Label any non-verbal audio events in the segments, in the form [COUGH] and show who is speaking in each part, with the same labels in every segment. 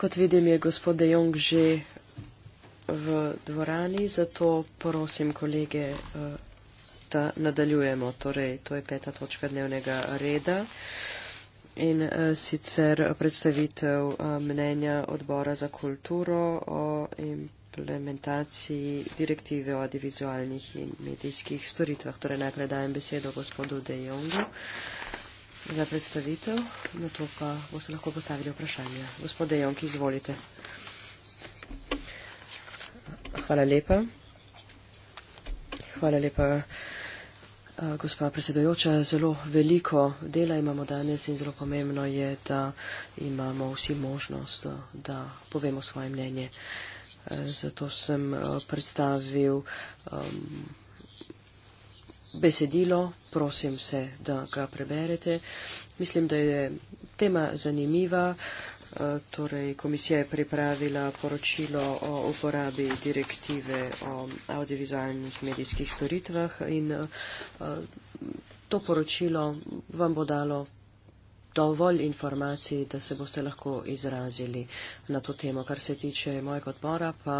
Speaker 1: Kot vidim, je gospod De Jong že v dvorani, zato prosim kolege, eh, da nadaljujemo. Torej, to je peta točka dnevnega reda in eh, sicer predstavitev eh, mnenja odbora za kulturo o implementaciji direktive o audiovizualnih in medijskih storitvah. Torej, najprej dajem besedo gospodu De Jongu za predstavitev, na to pa boste lahko postavili vprašanje. Gospod Dejonki, izvolite. Hvala lepa. Hvala lepa, eh, gospa predsedojoča. Zelo veliko dela imamo danes in zelo pomembno je, da imamo vsi možnost, eh, da povemo svoje mnenje. Eh, zato sem predstavil. Um, besedilo, prosim se, da ga preberete. Mislim, da je tema zanimiva. Eh, torej, komisija je pripravila poročilo o uporabi direktive o audiovizualnih medijskih storitvah in eh, to poročilo vam bo dalo dovolj informacij, da se boste lahko izrazili na to temo. Kar se tiče mojega odbora, pa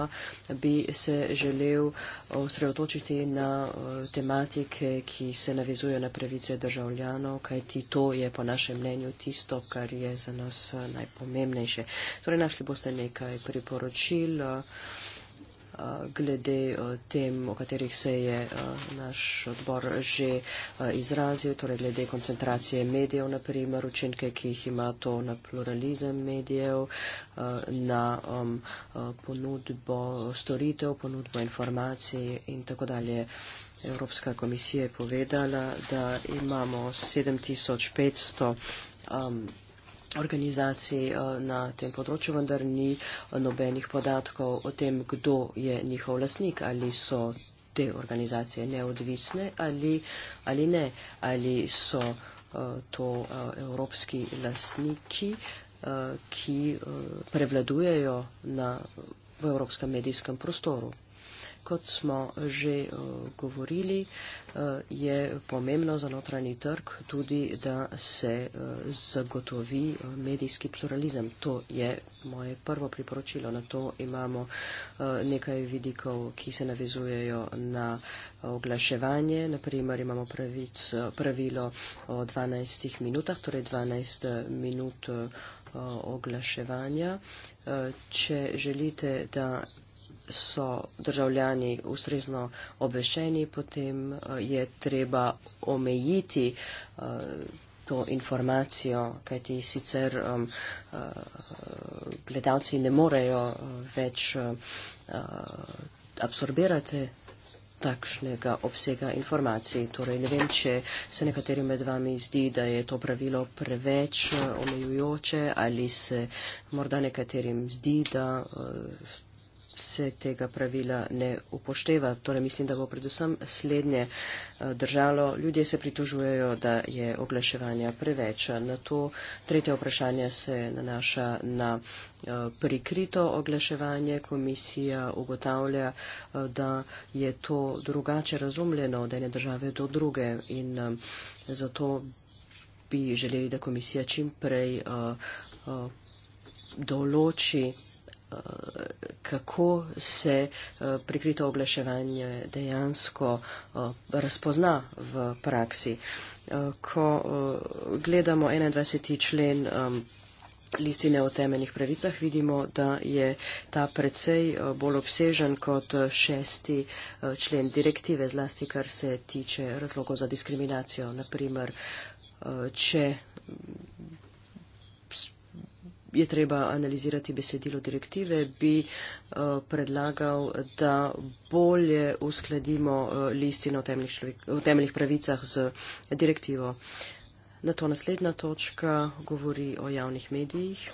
Speaker 1: bi se želel osredotočiti na eh, tematike, ki se navezujejo na pravice državljanov, kajti to je po našem mnenju tisto, kar je za nas eh, najpomembnejše. Torej, našli boste nekaj priporočil. Uh, glede tem, o katerih se je naš odbor že izrazil, torej glede koncentracije medijev, na primer, učinke, ki jih ima to na pluralizem medijev, na um, ponudbo storitev, ponudbo informacij in tako dalje. Evropska komisija je povedala, da imamo 7500 organizacij eh, na tem področju, vendar ni eh, nobenih podatkov o tem, kdo je njihov lasnik, ali so te organizacije neodvisne ali, ali ne, ali so eh, to evropski lasniki, ki prevladujejo na, v evropskem medijskem prostoru kot smo že eh, govorili, eh, je pomembno za notranji trg tudi, da se eh, zagotovi medijski pluralizem. To je moje prvo priporočilo. Na to imamo nekaj vidikov, ki se navizujejo na oglaševanje. Naprimer imamo pravic, pravilo o 12 minutah, torej 12 minut oglaševanja. Če želite, da so državljani ustrezno obešeni, potem eh, je treba omejiti eh, to informacijo, kajti sicer um, uh, gledalci ne morejo več uh, absorbirati takšnega obsega informacij. Torej, ne vem, če se nekaterim med vami zdi, da je to pravilo preveč omejujoče ali se morda nekaterim zdi, da uh, se tega pravila ne upošteva. Torej mislim, da bo predvsem slednje eh, držalo. Ljudje se pritožujejo, da je oglaševanja preveč. Na to tretje vprašanje se nanaša na eh, prikrito oglaševanje. Komisija ugotavlja, eh, da je to drugače razumljeno od ene države do druge in zato bi želeli, da komisija čim prej določi kako se eh, prikrito oglaševanje dejansko eh, razpozna v praksi. Eh, ko gledamo 21. člen listine o temeljnih pravicah, vidimo, da je ta precej bolj obsežen kot šesti člen direktive, zlasti kar se tiče razlogov za diskriminacijo. Naprimer, če je treba analizirati besedilo direktive, bi eh, predlagal, da bolje uskladimo eh, listino o temeljih pravicah z direktivo. Na to naslednja točka govori o javnih medijih.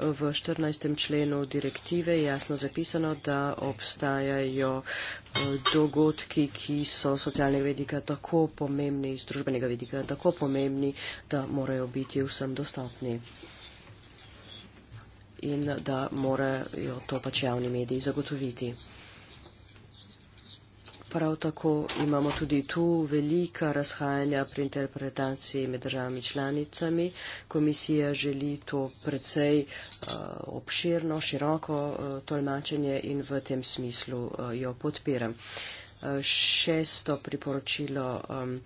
Speaker 1: V 14. členu direktive je jasno zapisano, da obstajajo eh, dogodki, ki so socialnega vedika tako pomembni, združbenega vedika tako pomembni, da morajo biti vsem dostopni in da morajo to pač javni mediji zagotoviti. Prav tako imamo tudi tu velika razhajanja pri interpretaciji med državami članicami. Komisija želi to precej uh, obširno, široko uh, tolmačenje in v tem smislu uh, jo podpiram. Uh, šesto priporočilo. Um,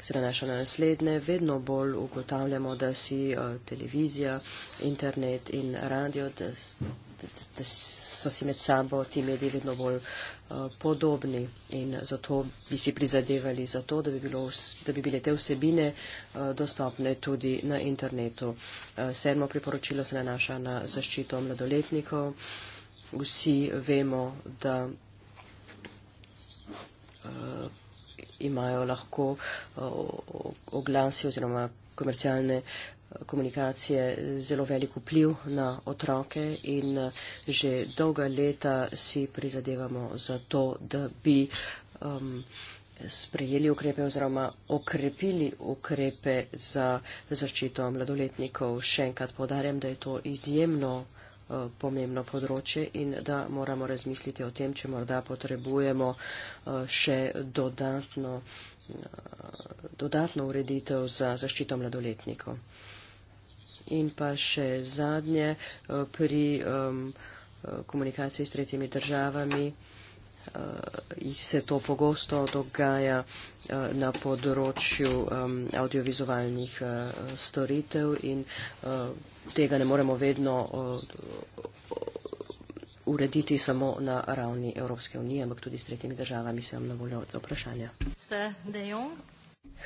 Speaker 1: se nanaša na naslednje, vedno bolj ugotavljamo, da si uh, televizija, internet in radio, da, da, da so si med sabo ti mediji vedno bolj uh, podobni in zato bi si prizadevali za to, da bi, bilo, da bi bile te vsebine uh, dostopne tudi na internetu. Uh, sedmo priporočilo se nanaša na zaščito mladoletnikov. Vsi vemo, da. Uh, imajo lahko oglasi oziroma komercialne eh, komunikacije zelo velik vpliv na otroke in eh, že dolga leta si prizadevamo za to, da bi um, sprejeli ukrepe oziroma okrepili ukrepe za zaščito mladoletnikov. Še enkrat podarjam, da je to izjemno Eh, pomembno področje in da moramo razmisliti o tem, če morda potrebujemo eh, še dodatno, eh, dodatno ureditev za zaščito mladoletnikov. In pa še zadnje pri komunikaciji s tretjimi državami. Se to pogosto dogaja na področju audiovizualnih storitev in tega ne moremo vedno uh, urediti samo na ravni Evropske unije, ampak tudi s tretjimi državami se vam na voljo od vprašanja.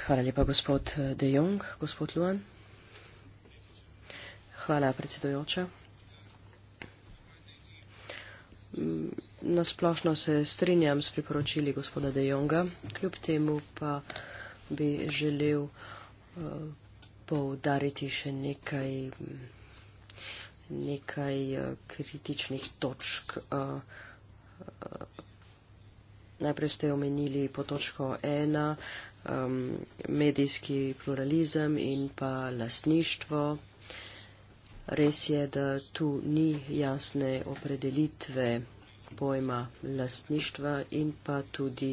Speaker 1: Hvala lepa, gospod eh, De Jong. Gospod Luan. Hvala, predsedujoča. Mm, Nasplošno se strinjam s priporočili gospoda De Jonga, kljub temu pa bi želel uh, poudariti še nekaj, nekaj eh, kritičnih točk. Eh, eh, najprej ste omenili po točko ena ehm, medijski pluralizem in pa lasništvo. Res je, da tu ni jasne opredelitve pojma lastništva in pa tudi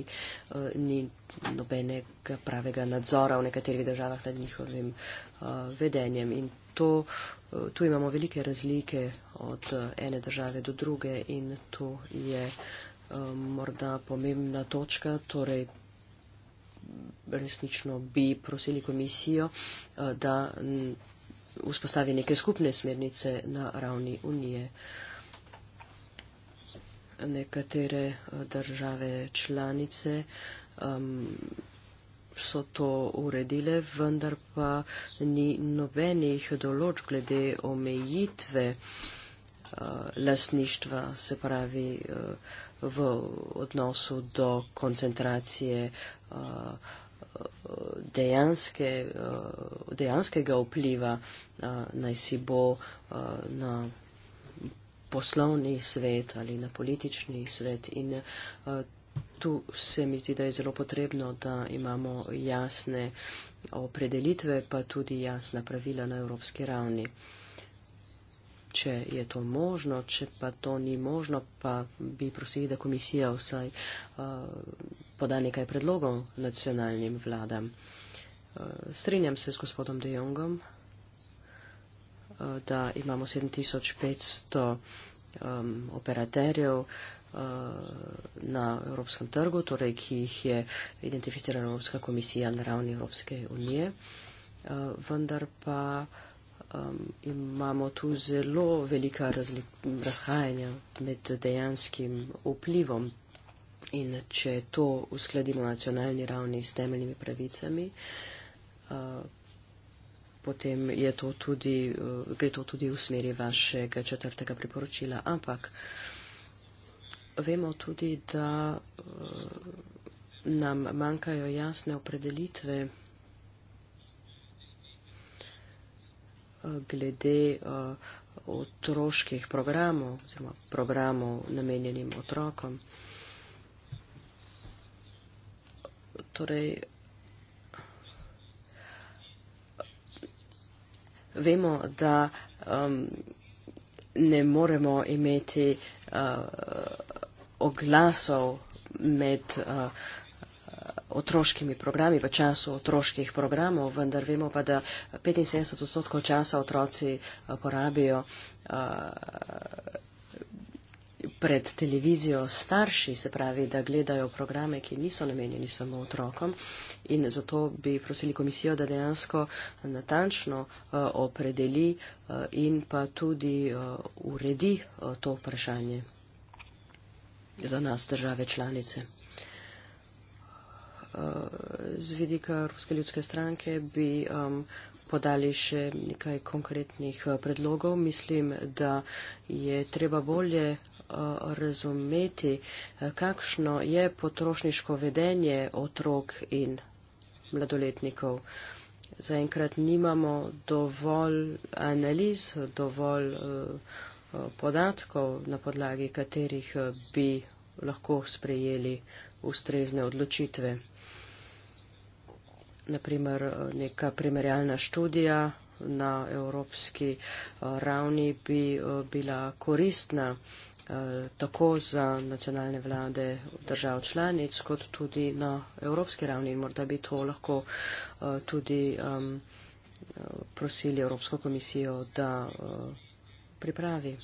Speaker 1: eh, ni nobenega pravega nadzora v nekaterih državah nad njihovim eh, vedenjem. In to, eh, tu imamo velike razlike od ene države do druge in to je morda pomembna točka. Torej resnično bi prosili komisijo, da vzpostavi neke skupne smernice na ravni unije. Uh, nekatere eh, države članice um, so to uredile, vendar pa ni nobenih določ glede omejitve eh, lasništva, se pravi eh, v odnosu do koncentracije dejanske, dejanskega vpliva, najsi bo na poslovni svet ali na politični svet. In eh, tu se mi zdi, da je zelo potrebno, da imamo jasne opredelitve, pa tudi jasna pravila na evropski ravni. Če je to možno, če pa to ni možno, pa bi prosili, da komisija vsaj uh, poda nekaj predlogov nacionalnim vladam. Uh, strinjam se s gospodom De Jongom, da imamo 7500 um, operaterjev uh, na evropskem trgu, torej ki jih je identificirala Evropska komisija na ravni Evropske unije. Uh, vendar pa um, imamo tu zelo velika razhajanja med dejanskim vplivom in če to uskladimo na nacionalni ravni s temeljnimi pravicami, uh, potem je to tudi, eh, gre to tudi v smeri vašega četrtega priporočila. Ampak vemo tudi, da eh, nam manjkajo jasne opredelitve eh, glede otroških programov oziroma programov namenjenim otrokom. Torej, vemo, da um, ne moremo imeti uh, oglasov med uh, otroškimi programi, v času otroških programov, vendar vemo pa, da 75 odstotkov časa otroci uh, porabijo uh, pred televizijo starši, se pravi, da gledajo programe, ki niso namenjeni samo otrokom. In zato bi prosili komisijo, da dejansko natančno eh, opredeli eh, in pa tudi eh, uredi to vprašanje za nas države članice. Z vidika Ruske ljudske stranke bi podali še nekaj konkretnih predlogov. Mislim, da je treba bolje Eh, razumeti, eh, kakšno je potrošniško vedenje otrok in mladoletnikov. Zaenkrat nimamo dovolj analiz, dovolj eh, podatkov, na podlagi katerih bi lahko sprejeli ustrezne odločitve. Naprimer, neka primerjalna študija na evropski ravni bi bila koristna. Eh, tako za nacionalne vlade držav članic, kot tudi na evropski ravni in morda bi to lahko eh, tudi prosili Evropsko komisijo, da eh, pripravi.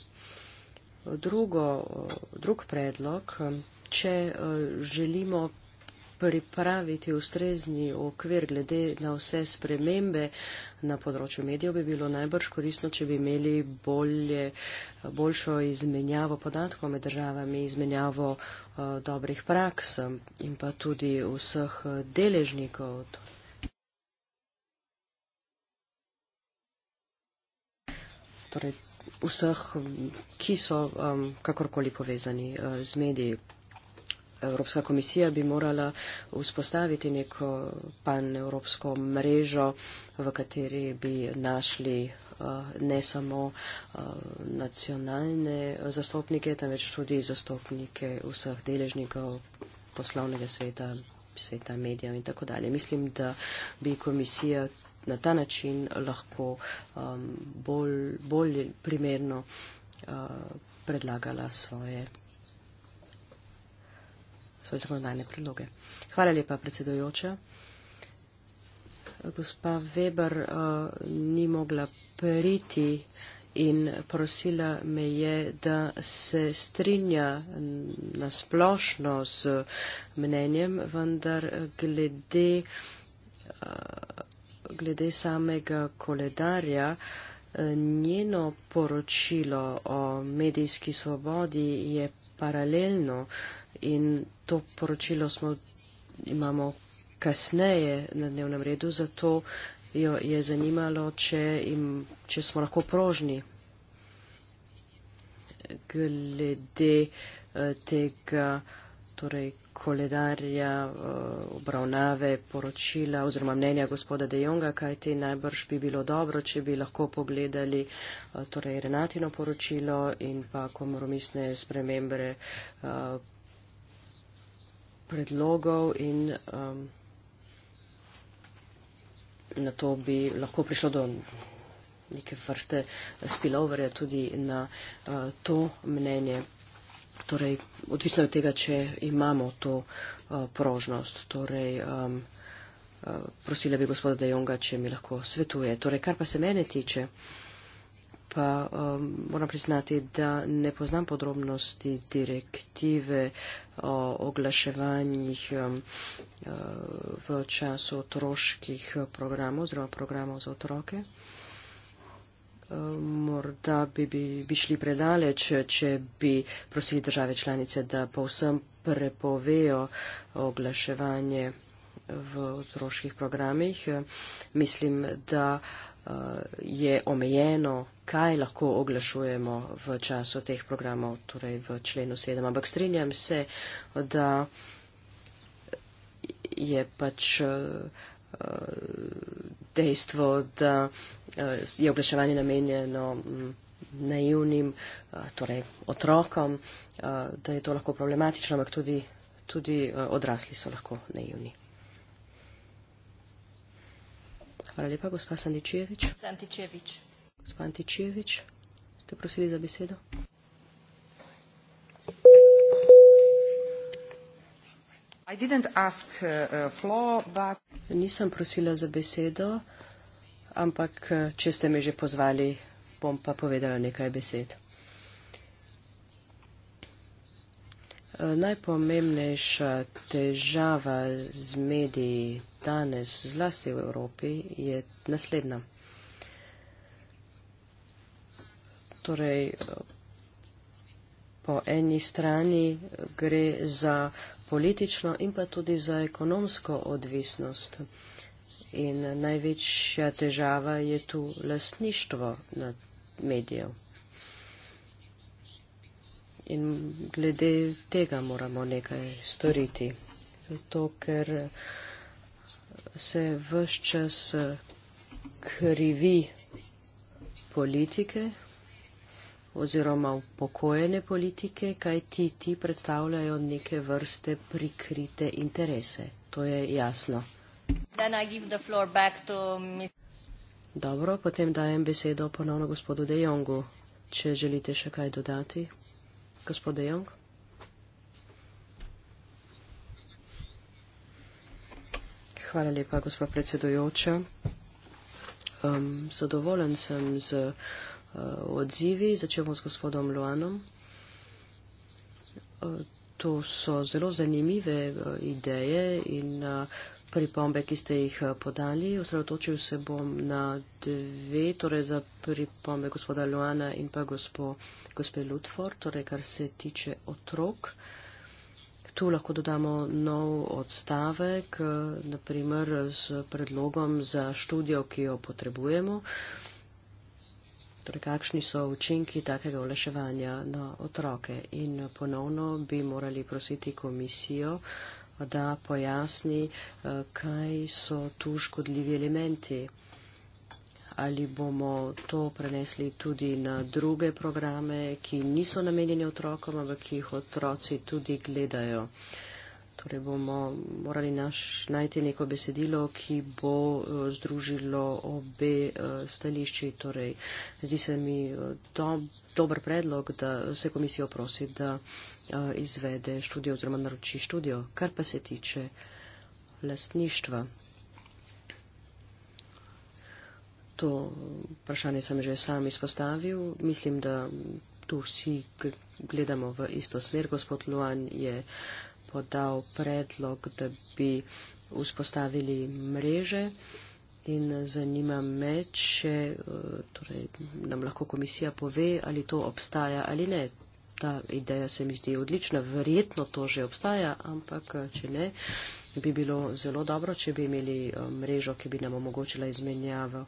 Speaker 1: Drugo, drug predlog, če želimo pripraviti ustrezni okvir glede na vse spremembe na področju medijev, bi bilo najbrž koristno, če bi imeli bolje, boljšo izmenjavo podatkov med državami, izmenjavo uh, dobrih praks eh, in pa tudi vseh eh, deležnikov. Torej, vseh, ki so um, kakorkoli povezani uh, z mediji. Evropska komisija bi morala vzpostaviti neko pan-evropsko mrežo, v kateri bi našli eh, ne samo eh, nacionalne zastopnike, temveč tudi zastopnike vseh deležnikov poslovnega sveta, sveta medijev in tako dalje. Mislim, da bi komisija na ta način lahko ehm, bolj, bolj primerno eh, predlagala svoje svoje zakonodajne predloge. Hvala lepa, predsedojoča. Gospa Weber uh, ni mogla priti in prosila me je, da se strinja na splošno z mnenjem, vendar glede, uh, glede samega koledarja. Eh, njeno poročilo o medijski svobodi je paralelno in to poročilo smo, imamo kasneje na dnevnem redu, zato jo je zanimalo, če, im, če smo lahko prožni glede eh, tega torej, koledarja eh, obravnave poročila oziroma mnenja gospoda De Jonga, kaj te najbrž bi bilo dobro, če bi lahko pogledali eh, torej, Renatino poročilo in pa komoromisne spremembre predlogov in um, na to bi lahko prišlo do neke vrste spilovere tudi na uh, to mnenje. Torej, odvisno od tega, če imamo to uh, prožnost. Torej, um, uh, prosila bi gospoda Dejonga, če mi lahko svetuje. Torej, kar pa se mene tiče. Uh, pa um, moram priznati, da ne poznam podrobnosti direktive o oglaševanjih um, uh, v času otroških programov oziroma programov za otroke. Um, morda bi, bi, bi šli predaleč, če bi prosili države članice, da povsem prepovejo oglaševanje v otroških programih. Mislim, da uh, Eh, je omejeno, kaj lahko oglašujemo v času teh programov, torej v členu 7. Ampak strinjam se, da je pač eh, eh, dejstvo, da je oglaševanje namenjeno mm, naivnim, torej otrokom, da je to lahko problematično, ampak tudi, tudi odrasli so lahko naivni. Hvala lepa, gospa Santičevič. Santičevič. Gospa Antičevič, ste prosili za besedo? I didn't ask, uh, uh Flo, but... Nisem prosila za besedo, ampak uh, če ste me že pozvali, bom pa povedala nekaj besed. Uh, najpomembnejša težava z mediji danes, zlasti v Evropi, je naslednja. Torej, po eni strani gre za politično in pa tudi za ekonomsko odvisnost. In največja težava je tu lasništvo nad medijev. In glede tega moramo nekaj storiti. Zato, ker se vse čas eh, krivi politike oziroma upokojene politike, kaj ti ti predstavljajo neke vrste prikrite interese. To je jasno. Dobro, potem dajem besedo ponovno gospodu De Jongu, če želite še kaj dodati. Gospod De Jong. Hvala lepa, gospod predsedujoča. Um, zadovoljen sem z uh, odzivi. Začemo s gospodom Luanom. Uh, to so zelo zanimive uh, ideje in uh, pripombe, ki ste jih uh, podali. Osredotočil se bom na dve, torej za pripombe gospoda Luana in pa gospo, gospe Lutford, torej kar se tiče otrok. Uh, Tu lahko dodamo nov odstavek, naprimer s predlogom za študijo, ki jo potrebujemo. Torej, kakšni so učinki takega oleševanja na otroke? In ponovno bi morali prositi komisijo, da pojasni, eh, kaj so tu škodljivi elementi ali bomo to prenesli tudi na druge programe, ki niso namenjeni otrokom, ampak ki jih otroci tudi gledajo. Torej bomo morali naš, najti neko besedilo, ki bo eh, združilo obe eh, stališči. Torej, zdi se mi eh, do, dober predlog, da se komisijo prosi, da izvede študijo oziroma naroči študijo. Kar pa se tiče lastništva, To vprašanje sem že sam izpostavil. Mislim, da tu vsi gledamo v isto smer. Gospod Luan je podal predlog, da bi vzpostavili mreže in zanima me, če eh, torej, nam lahko komisija pove, ali to obstaja ali ne. Ta ideja se mi zdi odlična. Verjetno to že obstaja, ampak eh, če ne, bi bilo zelo dobro, če bi imeli eh, mrežo, ki bi nam omogočila izmenjavo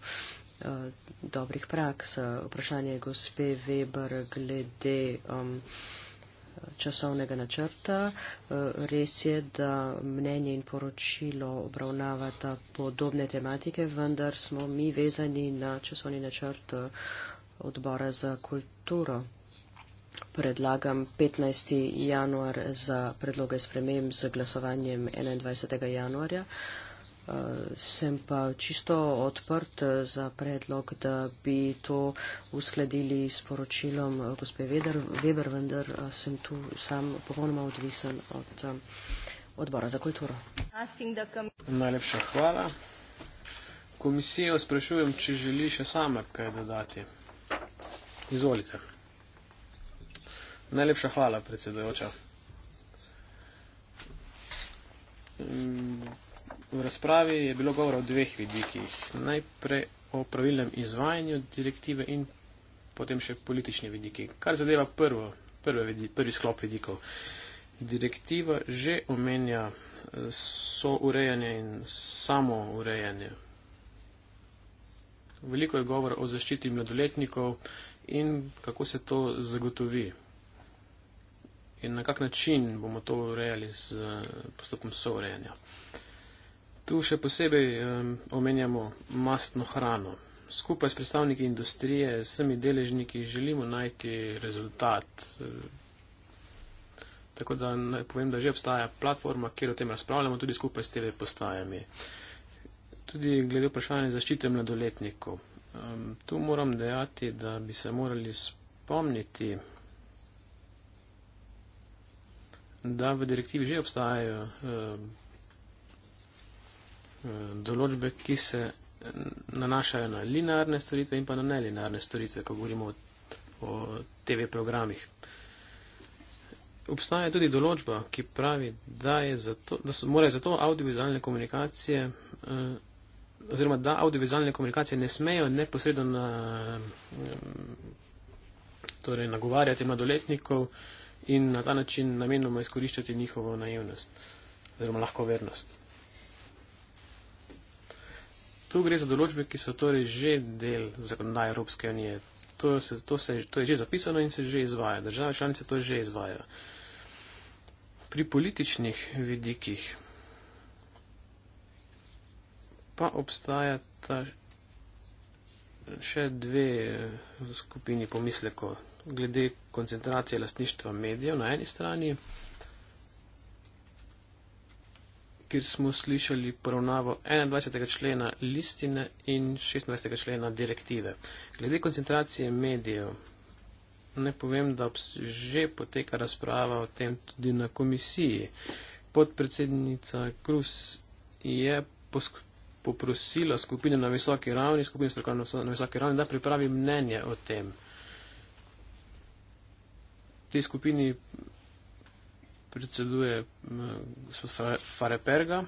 Speaker 1: Eh, dobrih praks. Vprašanje je gospe Weber glede um, časovnega načrta. Eh, res je, da mnenje in poročilo obravnavata podobne tematike, vendar smo mi vezani na časovni načrt eh, odbora za kulturo. Predlagam 15. januar za predloge sprememb z glasovanjem 21. januarja sem pa čisto odprt eh, za predlog, da bi to uskladili s poročilom eh, gospe Weber, Weber vendar eh, sem tu sam popolnoma odvisen od odbora za kulturo.
Speaker 2: Najlepša hvala. Komisijo sprašujem, če želi še sama kaj dodati. Izvolite. Najlepša hvala, predsedujoča. V razpravi je bilo govora o dveh vidikih. Najprej o pravilnem izvajanju direktive in potem še politični vidiki. Kar zadeva prvo, prvi, vidi, prvi sklop vidikov. Direktiva že omenja eh, so urejanje in samo urejanje. Veliko je govora o zaščiti mladoletnikov in kako se to zagotovi. In na kak način bomo to urejali s eh, postopkom so urejanja. Tu še posebej um, omenjamo mastno hrano. Skupaj s predstavniki industrije, s vsemi deležniki želimo najti rezultat. E, tako da naj povem, da že obstaja platforma, kjer o tem razpravljamo, tudi skupaj s TV postajami. Tudi glede vprašanja zaščite mladoletnikov. Um, tu moram dejati, da bi se morali spomniti, da v direktivi že obstajajo. Um, določbe, ki se nanašajo na linearne storitve in pa na nelinearne storitve, ko govorimo o, o TV programih. Obstaja tudi določba, ki pravi, da, da morajo zato audiovizualne komunikacije, eh, oziroma da audiovizualne komunikacije ne smejo neposredno na, eh, torej, nagovarjati mladoletnikov in na ta način namenoma izkoriščati njihovo naivnost oziroma lahko vernost. Tu gre za določbe, ki so torej že del zakonodaje Evropske unije. To, se, to, se, to je že zapisano in se že izvaja. Države članice to že izvajo. Pri političnih vidikih pa obstajata še dve eh, skupini pomislekov glede koncentracije lastništva medijev na eni strani. kjer smo slišali poravnavo 21. člena listine in 26. člena direktive. Glede koncentracije medijev, ne povem, da že poteka razprava o tem tudi na komisiji. Podpredsednica Krus je poprosila skupine na visoki ravni, skupine strokovne na visoki ravni, da pripravi mnenje o tem. Te skupini predseduje gospod Fareperga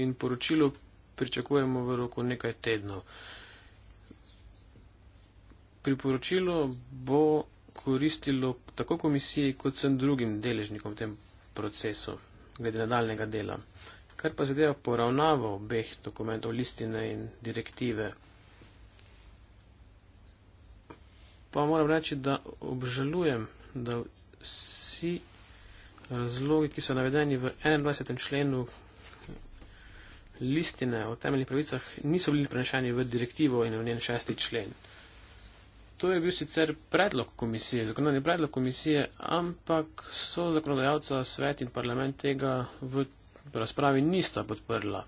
Speaker 2: in poročilo pričakujemo v roku nekaj tednov. Priporočilo bo koristilo tako komisiji kot vsem drugim deležnikom v tem procesu glede nadaljnega dela. Kar pa zadeva poravnavo obeh dokumentov, listine in direktive, pa moram reči, da obžalujem, da vsi razlogi, ki so navedeni v 21. členu listine o temeljnih pravicah, niso bili prenešeni v direktivo in v njen šesti člen. To je bil sicer predlog komisije, zakonodajni predlog komisije, ampak so zakonodajalca, svet in parlament tega v razpravi nista podprla.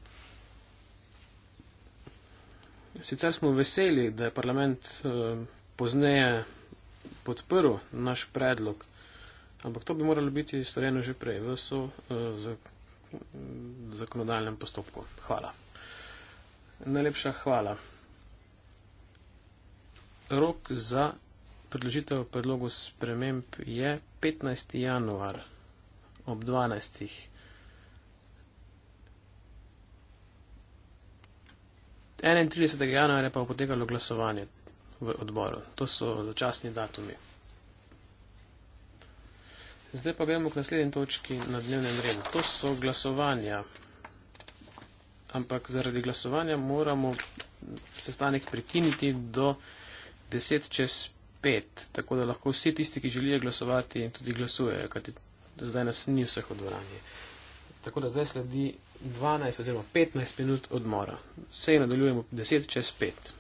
Speaker 2: Sicer smo veseli, da je parlament eh, pozneje podprl naš predlog, Ampak to bi moralo biti storjeno že prej v so, uh, zakonodajnem postopku. Hvala. Najlepša hvala. Rok za predložitev predlogu sprememb je 15. januar ob 12. januarja pa je potekalo glasovanje v odboru. To so začasni datumi. Zdaj pa gremo k naslednji točki na dnevnem redu. To so glasovanja. Ampak zaradi glasovanja moramo sestanek prekiniti do 10 čez 5, tako da lahko vsi tisti, ki želijo glasovati, tudi glasujejo, kajti zdaj nas ni vseh odvoranje. Tako da zdaj sledi 12 oziroma 15 minut odmora. Sej nadaljujemo 10 čez 5.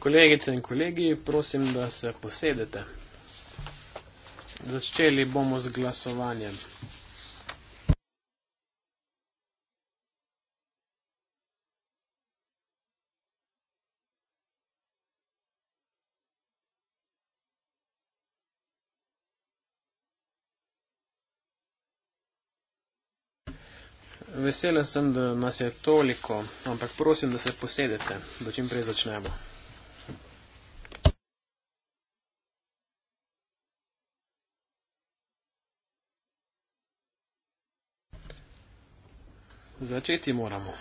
Speaker 2: Kolegice in kolegi, prosim, da se posedete. Začeli bomo z glasovanjem. Vesela sem, da nas je toliko, ampak prosim, da se posedete, da čim prej začnemo. Začeti moramo.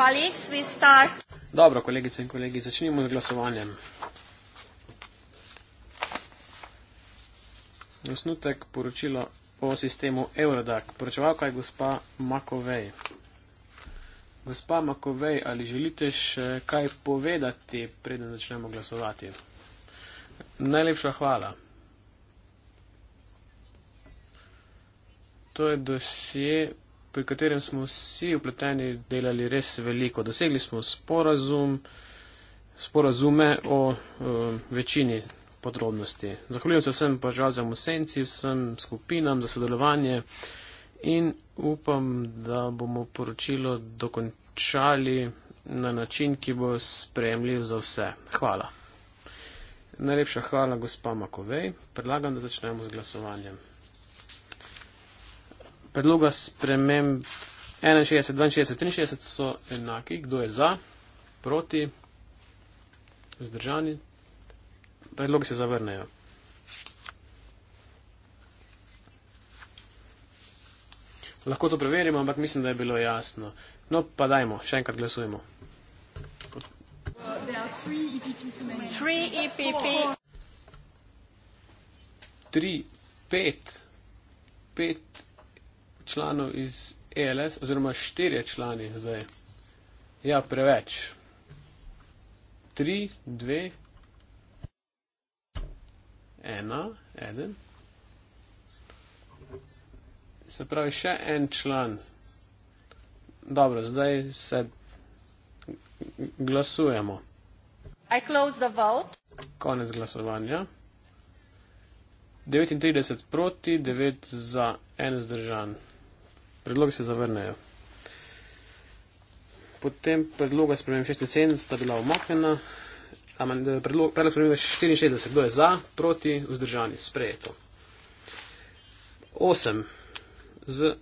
Speaker 1: colleagues, we start.
Speaker 2: Dobro, kolegice in kolegi, začnimo z glasovanjem. Osnutek poročila o sistemu Eurodac. Poročevalka je gospa Makovej. Gospa Makovej, ali želite še kaj povedati, preden začnemo glasovati? Najlepša hvala. To je dosje pri katerem smo vsi upleteni delali res veliko. Dosegli smo sporazum, sporazume o uh, večini podrobnosti. Zahvaljujem se vsem požalcem v senci, vsem skupinam za sodelovanje in upam, da bomo poročilo dokončali na način, ki bo spremljiv za vse. Hvala. Najlepša hvala, gospa Makovej. Predlagam, da začnemo z glasovanjem predloga sprememb 61, 62, 63 so enaki. Kdo je za, proti, vzdržani? Predlogi se zavrnejo. Lahko to preverimo, ampak mislim, da je bilo jasno. No, pa dajmo, še enkrat glasujemo.
Speaker 1: E
Speaker 2: Tri, pet, pet članov iz ELS, oziroma štirje člani zdaj. Ja, preveč. Tri, dve, ena, eden. Se pravi, še en član. Dobro, zdaj se glasujemo.
Speaker 1: I close the vote.
Speaker 2: Konec glasovanja. 39 proti, 9 za, 1 zdržan predlogi se zavrnejo. Potem predloga spremem 76 sta bila omaknjena. Eh, predlog, predlog spremem 64, kdo je za, proti, vzdržani, sprejeto. 8. Z uh,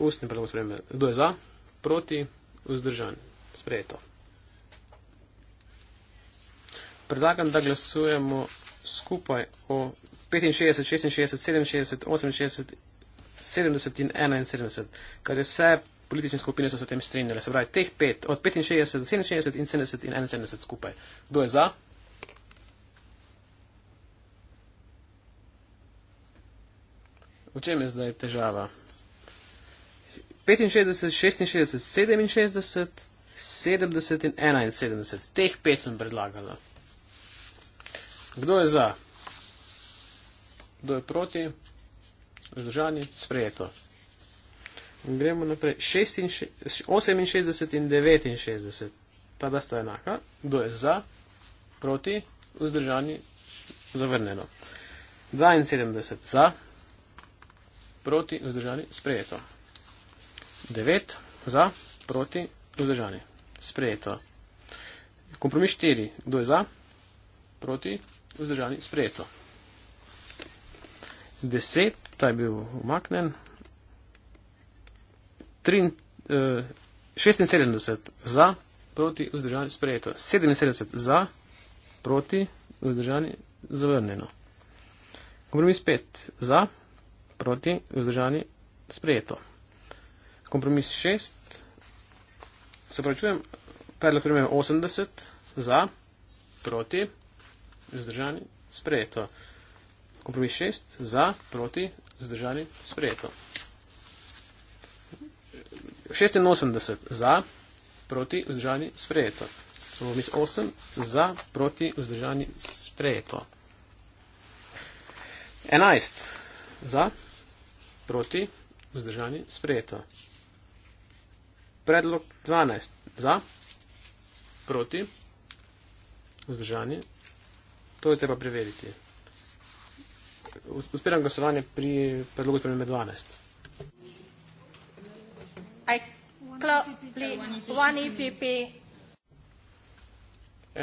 Speaker 2: ustnim predlogom spremem, kdo je za, proti, vzdržani, sprejeto. Predlagam, da glasujemo skupaj o 65, 66, 67, 68 70 in 71, kar je vse politične skupine so se o tem strinjale. Se pravi, teh pet, od 65 do 67 in 70 in 71 skupaj. Kdo je za? V čem je zdaj težava? 65, 66, 67, 70 in 71. Teh pet sem predlagala. Kdo je za? Kdo je proti? Vzdržanje sprejeto. In gremo naprej. 68 in 69. Ta dva sta enaka. Kdo je za, proti, vzdržanje, zavrnjeno. 72 za, proti, vzdržanje, sprejeto. 9 za, proti, vzdržanje, sprejeto. Kompromis 4. Kdo je za, proti, vzdržanje, sprejeto. 10 ta je bil umaknen. 76 eh, za, proti vzdržani sprejeto. 77 za, proti vzdržani zavrnjeno. Kompromis 5 za, proti vzdržani sprejeto. Kompromis 6, se pravi, čujem, predlog primerja 80 za, proti vzdržani sprejeto. Kompromis 6 za, proti Vzdržani? Sprejeto. 86 za, proti, vzdržani, sprejeto. Promis 8 za, proti, vzdržani, sprejeto. 11 za, proti, vzdržani, sprejeto. Predlog 12 za, proti, vzdržani, to je treba preveriti. Uspiram glasovanje pri predlogu spremembe 12. E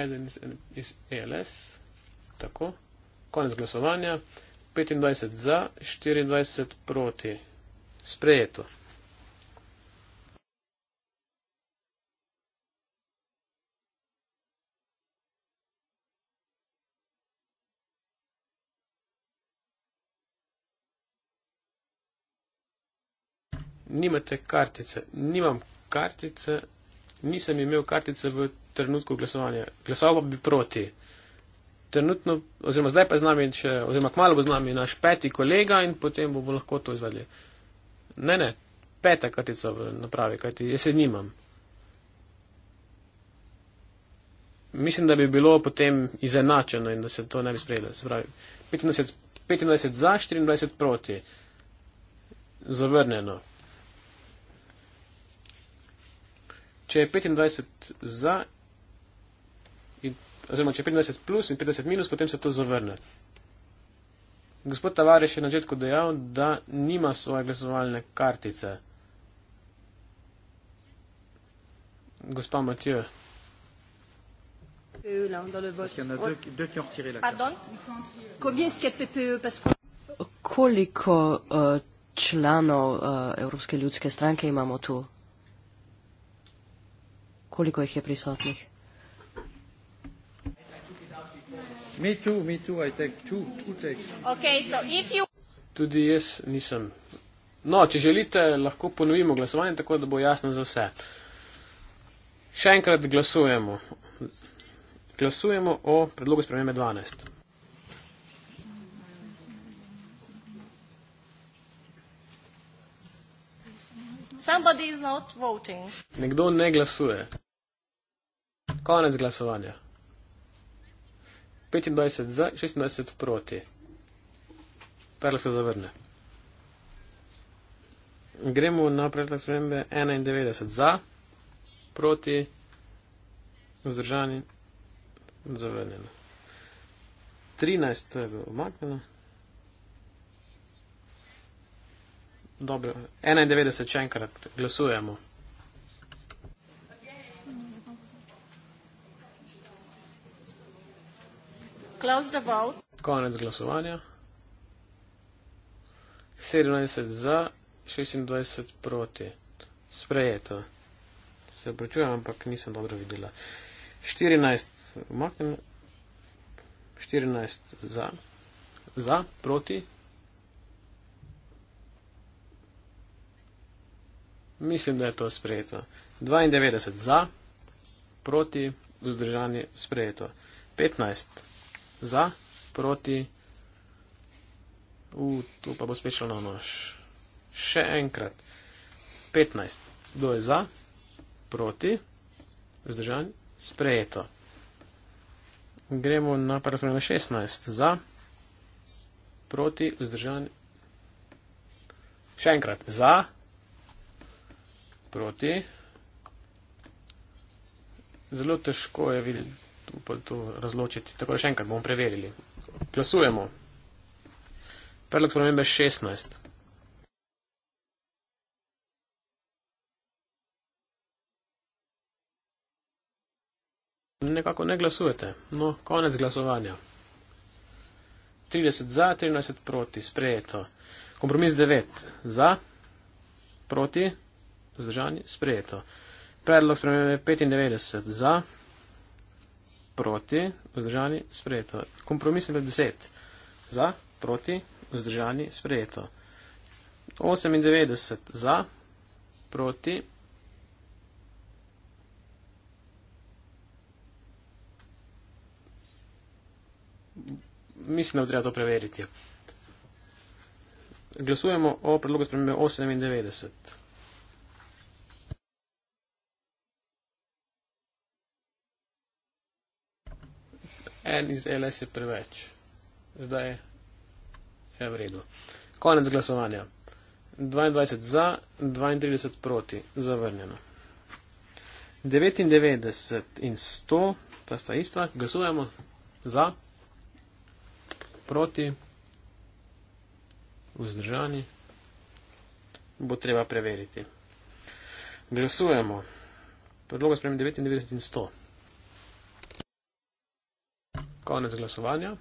Speaker 2: Eden iz ELS. Tako. Konec glasovanja. 25 za, 24 proti. Sprejeto. nimate kartice. Nimam kartice, nisem imel kartice v trenutku glasovanja. Glasoval bi proti. Trenutno, oziroma zdaj pa z nami, še, oziroma kmalo bo z nami naš peti kolega in potem bomo lahko to izvedli. Ne, ne, peta kartica v napravi, kajti jaz se nimam. Mislim, da bi bilo potem izenačeno in da se to ne bi sprejelo. Se pravi, 15, 15 za, 24 proti. Zavrnjeno. če je 25 za, in, oziroma če je 25 plus in 50 minus, potem se to zavrne. Gospod Tavares je na začetku dejal, da nima svoje glasovalne kartice. Gospa
Speaker 1: Matija. E e, Koliko uh, članov uh, Evropske ljudske stranke imamo tu? koliko jih je prisotnih? Me too, me
Speaker 2: too, I take two, two takes.
Speaker 1: Okay, so if you...
Speaker 2: Tudi jaz nisem. No, če želite, lahko ponovimo glasovanje, tako da bo jasno za vse. Še enkrat glasujemo. Glasujemo o predlogu spremembe 12.
Speaker 1: Somebody is not voting.
Speaker 2: Nekdo ne glasuje. Konec glasovanja. 25 za, 26 proti. Predlog se zavrne. Gremo na predlog spremembe 91 za, proti, vzdržani, zavrnjeno. 13 to je bilo umaknjeno. Dobro, 91 še enkrat glasujemo. Konec glasovanja. 27 za, 26 proti. Sprejeto. Se opravičujem, ampak nisem dobro videla. 14, umaknem. 14 za, za proti. Mislim, da je to sprejeto. 92 za, proti, vzdržanje sprejeto. 15 za, proti, u, tu pa bo spešalo na nož. Še enkrat. 15, kdo je za, proti, vzdržanje sprejeto. Gremo na paragraf 16, za, proti, vzdržanje. Še enkrat, za, proti proti. Zelo težko je videti, to razločiti. Tako še enkrat bomo preverili. Glasujemo. Predlog spremembe 16. Nekako ne glasujete. No, konec glasovanja. 30 za, 13 proti, sprejeto. Kompromis 9 za, proti, Vzdržani, sprejeto. Predlog spremembe 95 za, proti, vzdržani, sprejeto. Kompromis je 10 za, proti, vzdržani, sprejeto. 98 za, proti, mislim, da bo treba to preveriti. Glasujemo o predlogu spremembe 98. en iz LS je preveč. Zdaj je v redu. Konec glasovanja. 22 za, 32 proti, zavrnjeno. 99 in 100, ta sta ista, glasujemo za, proti, vzdržani, bo treba preveriti. Glasujemo. Predloga spremem 99 in 100. Konec glasovanja.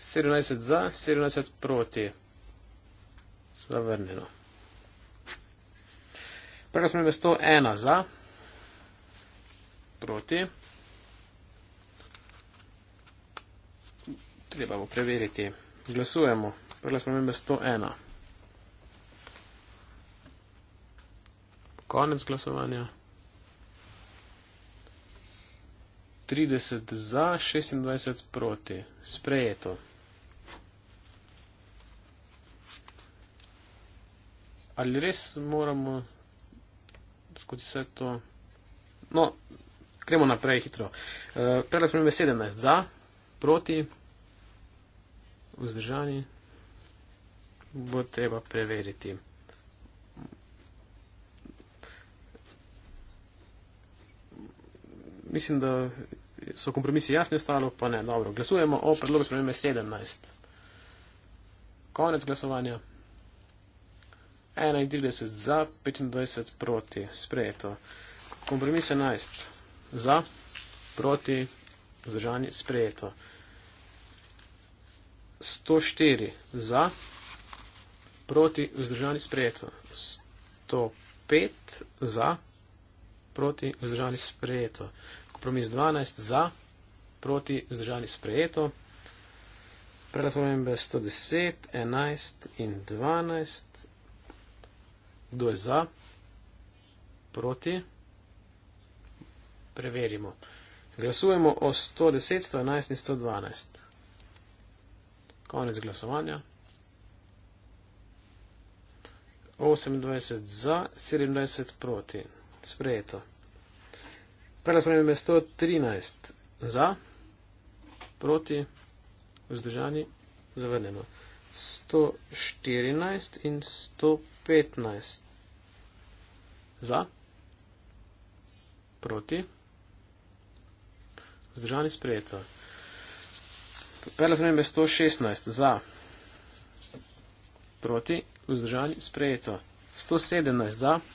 Speaker 2: 17 za, 17 proti. Sva vrnjeno. Prvo smo imeli 101 za, proti. Treba bo preveriti. Glasujemo. Prvo smo imeli 101. Konec glasovanja. 30 za, 26 proti. Sprejeto. Ali res moramo skozi vse to? No, gremo naprej hitro. Uh, Predlog je 17 za, proti, vzdržani. Bo treba preveriti. mislim, da so kompromisi jasni ostalo, pa ne, dobro. Glasujemo o predlogu spremembe 17. Konec glasovanja. 31 za, 25 proti. Sprejeto. Kompromis 11. Za, proti, vzdržanje, sprejeto. 104 za, proti, vzdržanje, sprejeto. 105 za, proti, vzdržanje, sprejeto kompromis 12 za, proti, vzdržani sprejeto. Prelazujemo 110, 11 in 12. Kdo je za, proti? Preverimo. Glasujemo o 110, 111 in 112. Konec glasovanja. 28 za, 27 proti. Sprejeto. Preglasovanje je 113 za, proti, vzdržani, zavrnjeno. 114 in 115 za, proti, vzdržani, sprejeto. Preglasovanje je 116 za, proti, vzdržani, sprejeto. 117 za, proti, vzdržani, sprejeto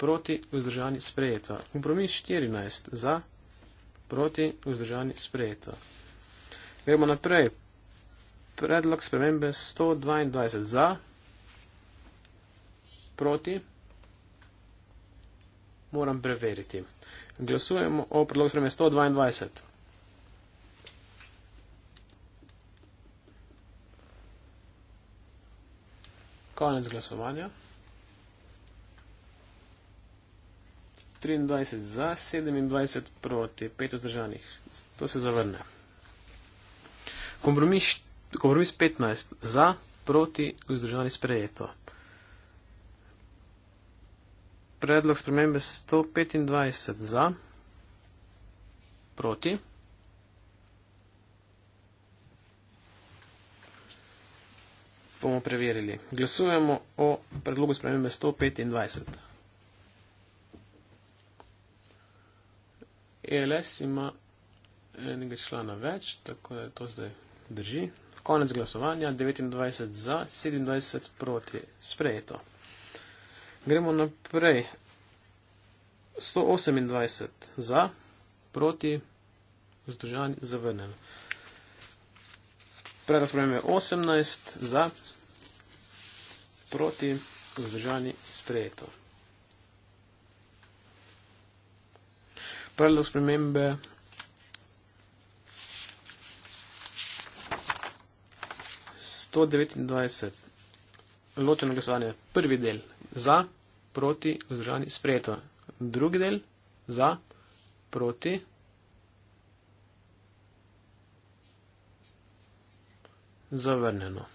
Speaker 2: proti vzdržani sprejeta. Kompromis 14 za, proti vzdržani sprejeta. Gremo naprej. Predlog spremembe 122 za, proti, moram preveriti. Glasujemo o predlogu spremembe 122. Konec glasovanja. 23 za, 27 proti, 5 vzdržanih. To se zavrne. Kompromis, kompromis 15 za, proti, vzdržanih sprejeto. Predlog spremembe 125 za, proti. Bomo preverili. Glasujemo o predlogu spremembe 125. ELS ima enega člana več, tako da to zdaj drži. Konec glasovanja, 29 za, 27 proti, sprejeto. Gremo naprej. 128 za, proti, vzdržan, zavrnjen. Predlog spremembe 18 za, proti, vzdržan, sprejeto. podprlo spremembe. To 29. Ločeno glasovanje. Prvi del za, proti, vzdržani, sprejeto. Drugi del za, proti, zavrnjeno.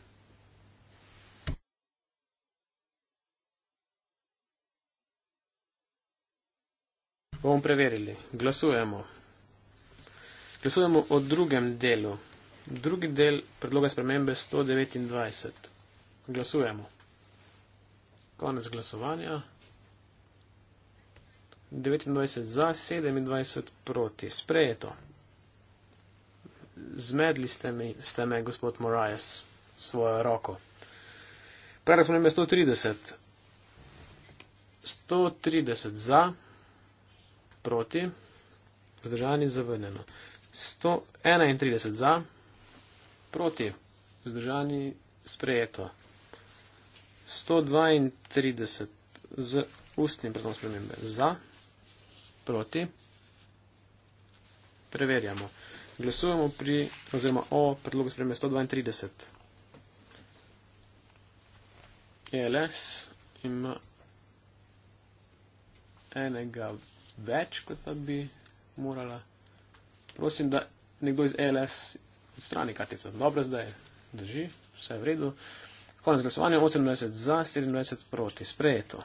Speaker 2: Bomo preverili. Glasujemo. Glasujemo o drugem delu. Drugi del predloga spremembe 129. Glasujemo. Konec glasovanja. 29 za, 27 proti. Sprejeto. Zmedli ste me, ste me gospod Morajas, svojo roko. Predlog spremembe 130. 130 za proti, vzdržani zavrnjeno. 131 za, proti, vzdržani sprejeto. 132 z ustnim predom spremembe za, proti, preverjamo. Glasujemo pri, oziroma o predlogu spremembe 132. ELS ima enega vrsta več, kot da bi morala. Prosim, da nekdo iz LS odstrani kartico. Dobro, zdaj drži, vse je v redu. Konec glasovanja, 28 za, 27 proti, sprejeto.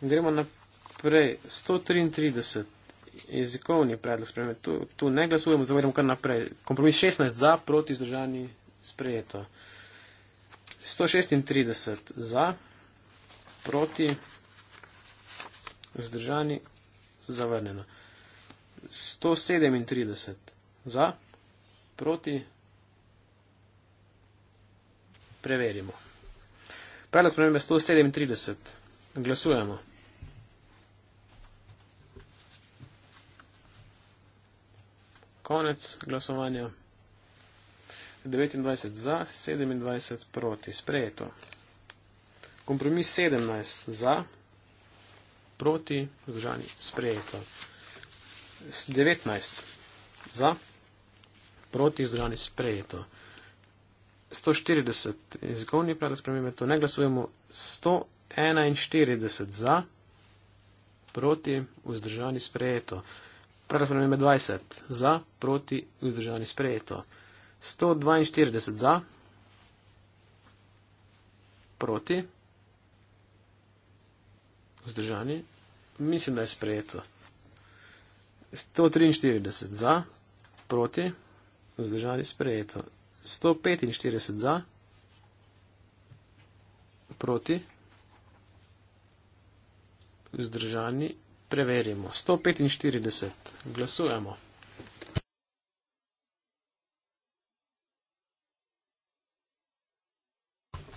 Speaker 2: Gremo naprej, 133 jezikovni predlog spremembe, tu, tu ne glasujemo, zdaj gremo kar naprej. Kompromis 16 za, proti, zdržani, sprejeto. 136 za, proti, vzdržani, zavrnjeno. 137 za, proti, preverimo. Predlog spremembe 137, glasujemo. Konec glasovanja. 29 za, 27 proti. Sprejeto. Kompromis 17 za, proti, vzdržani sprejeto. 19 za, proti, vzdržani sprejeto. 140 jezikovni predlog spremembe, to ne glasujemo. 141 za, proti, vzdržani sprejeto. Predlog spremembe 20 za, proti, vzdržani sprejeto. 142 za, proti, vzdržani sprejeto vzdržani, mislim, da je sprejeto. 143 za, proti, vzdržani, sprejeto. 145 za, proti, vzdržani, preverimo. 145, glasujemo.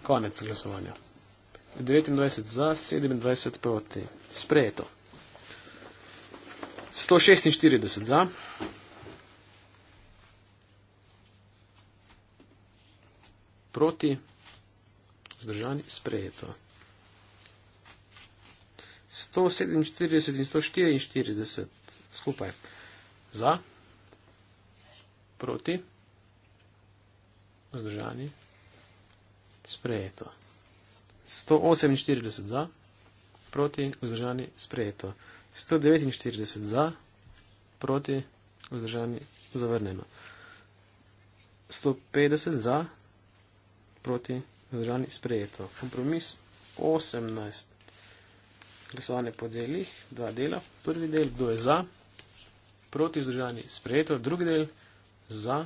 Speaker 2: Konec glasovanja. 29 za, 27 proti. Sprejeto. 146 za. Proti. Zdržani. Sprejeto. 147 in 144 skupaj. Za. Proti. Zdržani. Sprejeto. 148 za, proti vzdržani sprejeto. 149 za, proti vzdržani zavrnjeno. 150 za, proti vzdržani sprejeto. Kompromis 18. Glasovanje po delih, dva dela. Prvi del, kdo je za, proti vzdržani sprejeto. Drugi del, za,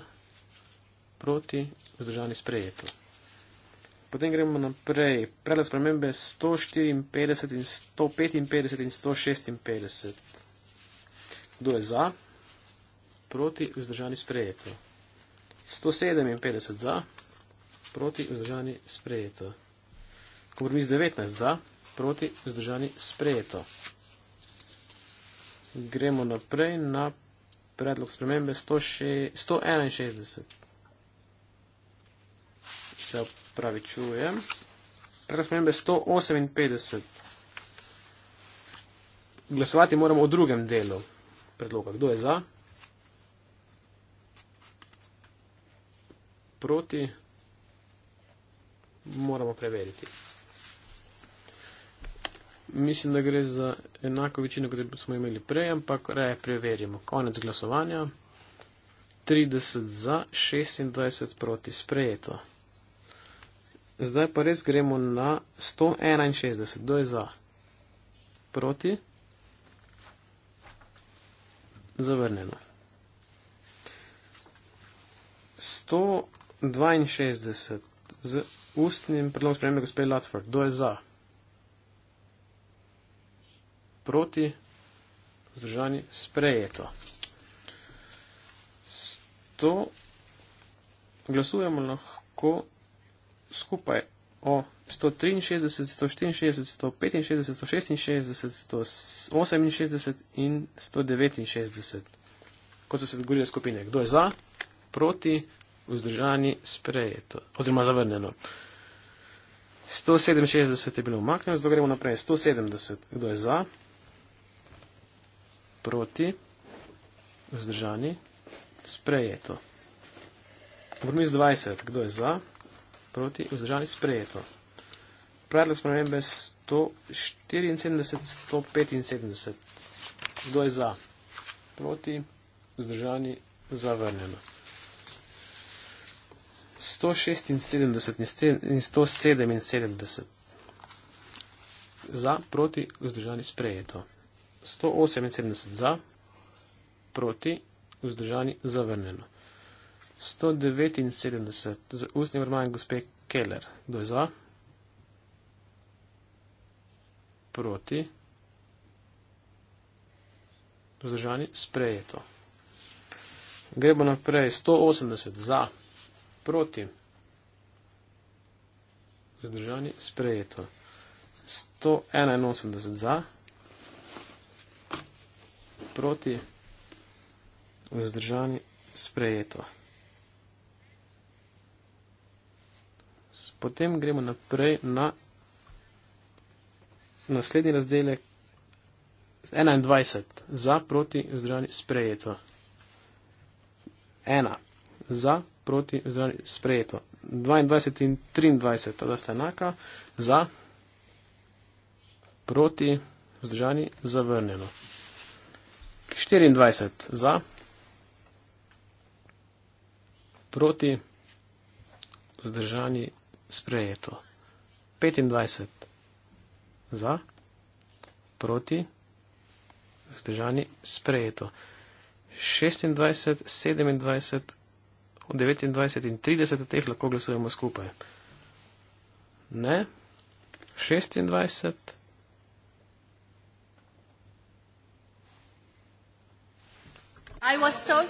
Speaker 2: proti vzdržani sprejeto. Potem gremo naprej. Predlog spremembe 154 in 155 in 156. Kdo je za? Proti vzdržani sprejeto. 157 za, proti vzdržani sprejeto. Kompromis 19 za, proti vzdržani sprejeto. Gremo naprej na predlog spremembe 161 pravi, čujem. Prespremembe 158. Glasovati moramo o drugem delu predloga. Kdo je za? Proti? Moramo preveriti. Mislim, da gre za enako večino, kot smo imeli prej, ampak raje preverimo. Konec glasovanja. 30 za, 26 proti sprejeto. Zdaj pa res gremo na 161. Kdo je za? Proti? Zavrnjeno. 162 z ustnim predlogom spremembe gospe Latford. Kdo je za? Proti? Zdržani? Sprejeto. 100. Glasujemo lahko skupaj o 163, 164, 165, 166, 168 in 169, kot so se dogovorile skupine. Kdo je za, proti, vzdržani, sprejeto oziroma zavrnjeno. 167 je bilo umaknjeno, zdaj gremo naprej. 170, kdo je za, proti, vzdržani, sprejeto. Kompromis 20, kdo je za? proti, vzdržani sprejeto. Predlog spremembe 174, 175. Kdo je za? Proti, vzdržani, zavrnjeno. 176 in 177. Za, proti, vzdržani, sprejeto. 178 za, proti, vzdržani, zavrnjeno. 179 z ustnim vrmanjem gospe Keller. Kdo je za? Proti. Razdržani sprejeto. Gremo naprej. 180 za. Proti. Razdržani sprejeto. 181 za. Proti. Razdržani sprejeto. Potem gremo naprej na naslednji razdelek 21. Za proti vzdržanje sprejeto. 1. Za proti vzdržanje sprejeto. 22 in 23, ta sta enaka. Za proti vzdržanje zavrnjeno. 24. Za proti vzdržanje zavrnjeno sprejeto. 25 za, proti, vzdržani, sprejeto. 26, 27, 29 in 30 teh lahko glasujemo skupaj. Ne. 26.
Speaker 3: I was told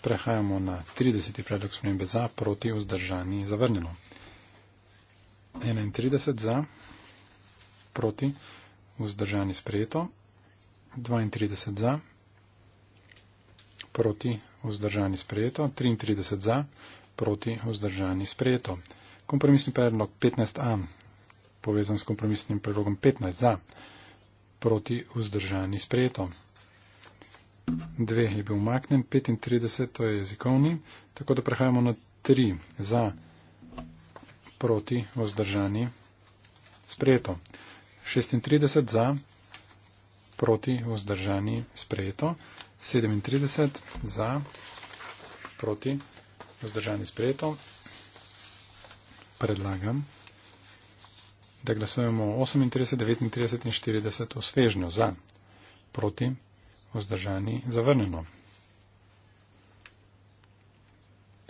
Speaker 3: Prehajamo na 30. predlog spremembe za, proti vzdržani zavrnjeno. 31 za, proti vzdržani sprejeto. 32 za, proti vzdržani sprejeto. 33 za, proti vzdržani sprejeto. Kompromisni predlog 15a, povezan s kompromisnim predlogom 15 za, proti vzdržani sprejeto. Dve je bil umaknjen, 35 to je jezikovni, tako da prehajamo na tri za, proti, vzdržani, sprejeto. 36 za, proti, vzdržani, sprejeto. 37 za, proti, vzdržani, sprejeto. Predlagam, da glasujemo 38, 39 in 40 v svežnju za, proti, vzdržani, sprejeto vzdržani zavrnjeno.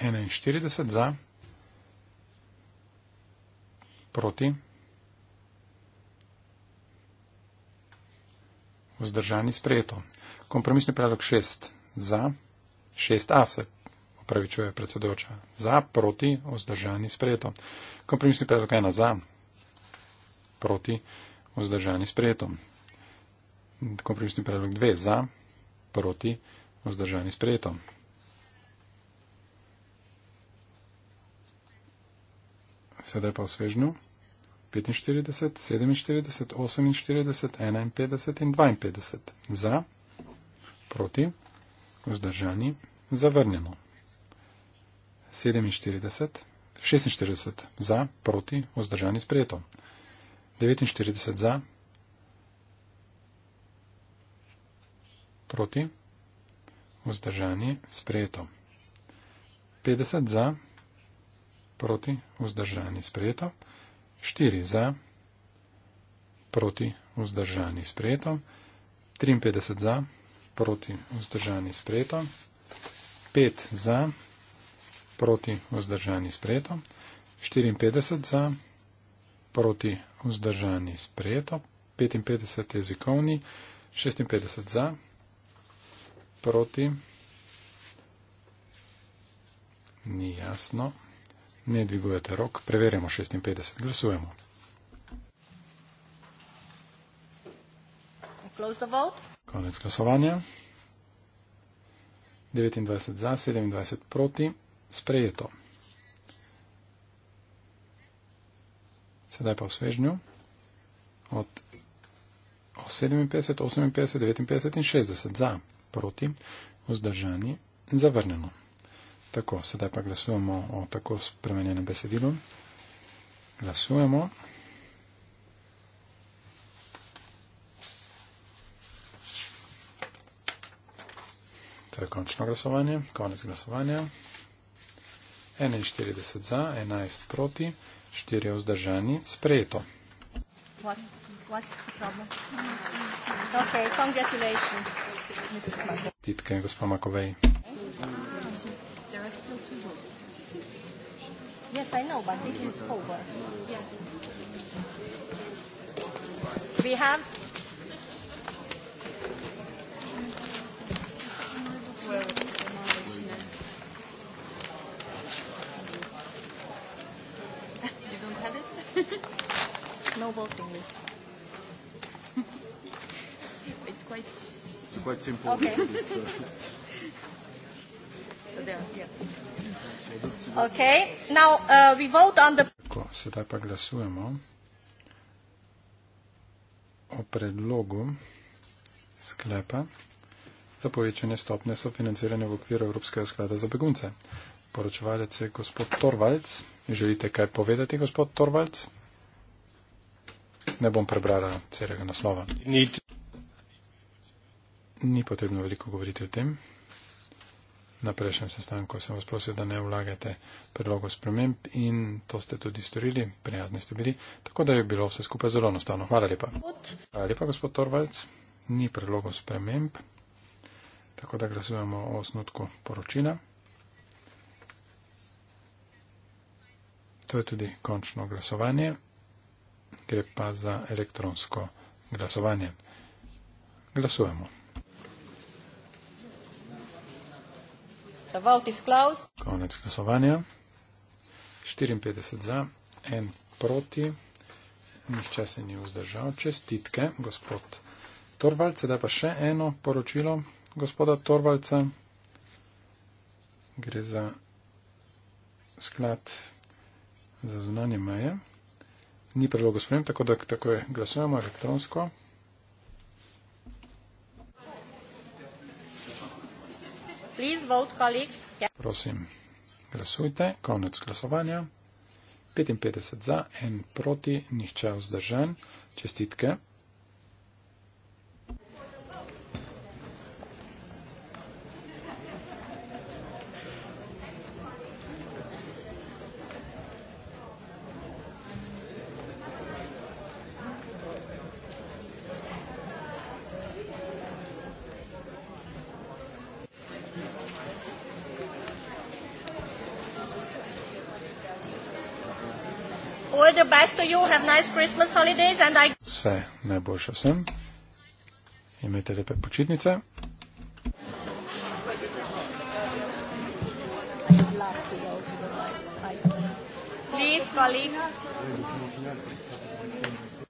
Speaker 3: 41 za, proti, vzdržani sprejeto. Kompromisni predlog 6 za, 6 a se opravičuje predsedoča, za, proti, vzdržani sprejeto. Kompromisni predlog 1 za, proti, vzdržani sprejeto kompromisni predlog 2 za, proti, vzdržani sprejeto. Sedaj pa v svežnju 45, 47, 48, 51 in 52 za, proti, vzdržani, zavrnjeno. 47, 46 za, proti, vzdržani, sprejeto. 49 za, proti, vzdržani, sprejeto. 50 za, proti, vzdržani, sprejeto. 4 za, proti, vzdržani, sprejeto. 53 za, proti, vzdržani, sprejeto. 5 za, proti, vzdržani, sprejeto. 54 za, proti, vzdržani, sprejeto. 55 jezikovni, 56 za proti, ni jasno, ne dvigujete rok, preverjamo 56, glasujemo. Konec glasovanja. 29 za, 27 proti, sprejeto. Sedaj pa v svežnju od 57, 58, 59 in 60 za proti, vzdržani in zavrnjeno. Tako, sedaj pa glasujemo o tako spremenjenem besedilu. Glasujemo. To je končno glasovanje, konec glasovanja. 41 za, 11 proti, 4 vzdržani, sprejeto.
Speaker 1: What? What's the problem? Okay,
Speaker 3: congratulations. Titke, gospod Makovej. Yes, I know, but this is over.
Speaker 1: Yeah. We have.
Speaker 3: You don't have it? [LAUGHS] no voting list. [LAUGHS] it's quite. It's quite pač simple. Okay.
Speaker 1: Okay, now uh, we vote on the.
Speaker 3: Tako, sedaj pa glasujemo o predlogu sklepa za povečanje stopne sofinanciranja v okviru Evropskega sklada za begunce. Poročevalec je gospod Torvalc. Želite kaj povedati, gospod Torvalc? Ne bom prebrala celega naslova. Need ni potrebno veliko govoriti o tem. Na prejšnjem sestanku sem vas prosil, da ne vlagate predlogo sprememb in to ste tudi storili, prijazni ste bili, tako da je bilo vse skupaj zelo enostavno. Hvala lepa. Hvala lepa, gospod Torvalc. Ni predlogo sprememb, tako da glasujemo o osnutku poročila. To je tudi končno glasovanje. Gre pa za elektronsko glasovanje. Glasujemo.
Speaker 1: The vote is closed.
Speaker 3: Konec glasovanja. 54 za, en proti. Nihče se ni vzdržal. Čestitke, gospod Torvald. Sedaj pa še eno poročilo gospoda Torvalca. Gre za sklad za zunanje meje. Ni predlogo sprem, tako da tako je glasujemo elektronsko.
Speaker 1: Please vote, colleagues. Yeah.
Speaker 3: Prosim, glasujte. Konec glasovanja. 55 za, 1 proti, nihče vzdržan. Čestitke.
Speaker 1: best to you, have nice Christmas holidays and I...
Speaker 3: Vse najboljše vsem. Imajte lepe počitnice.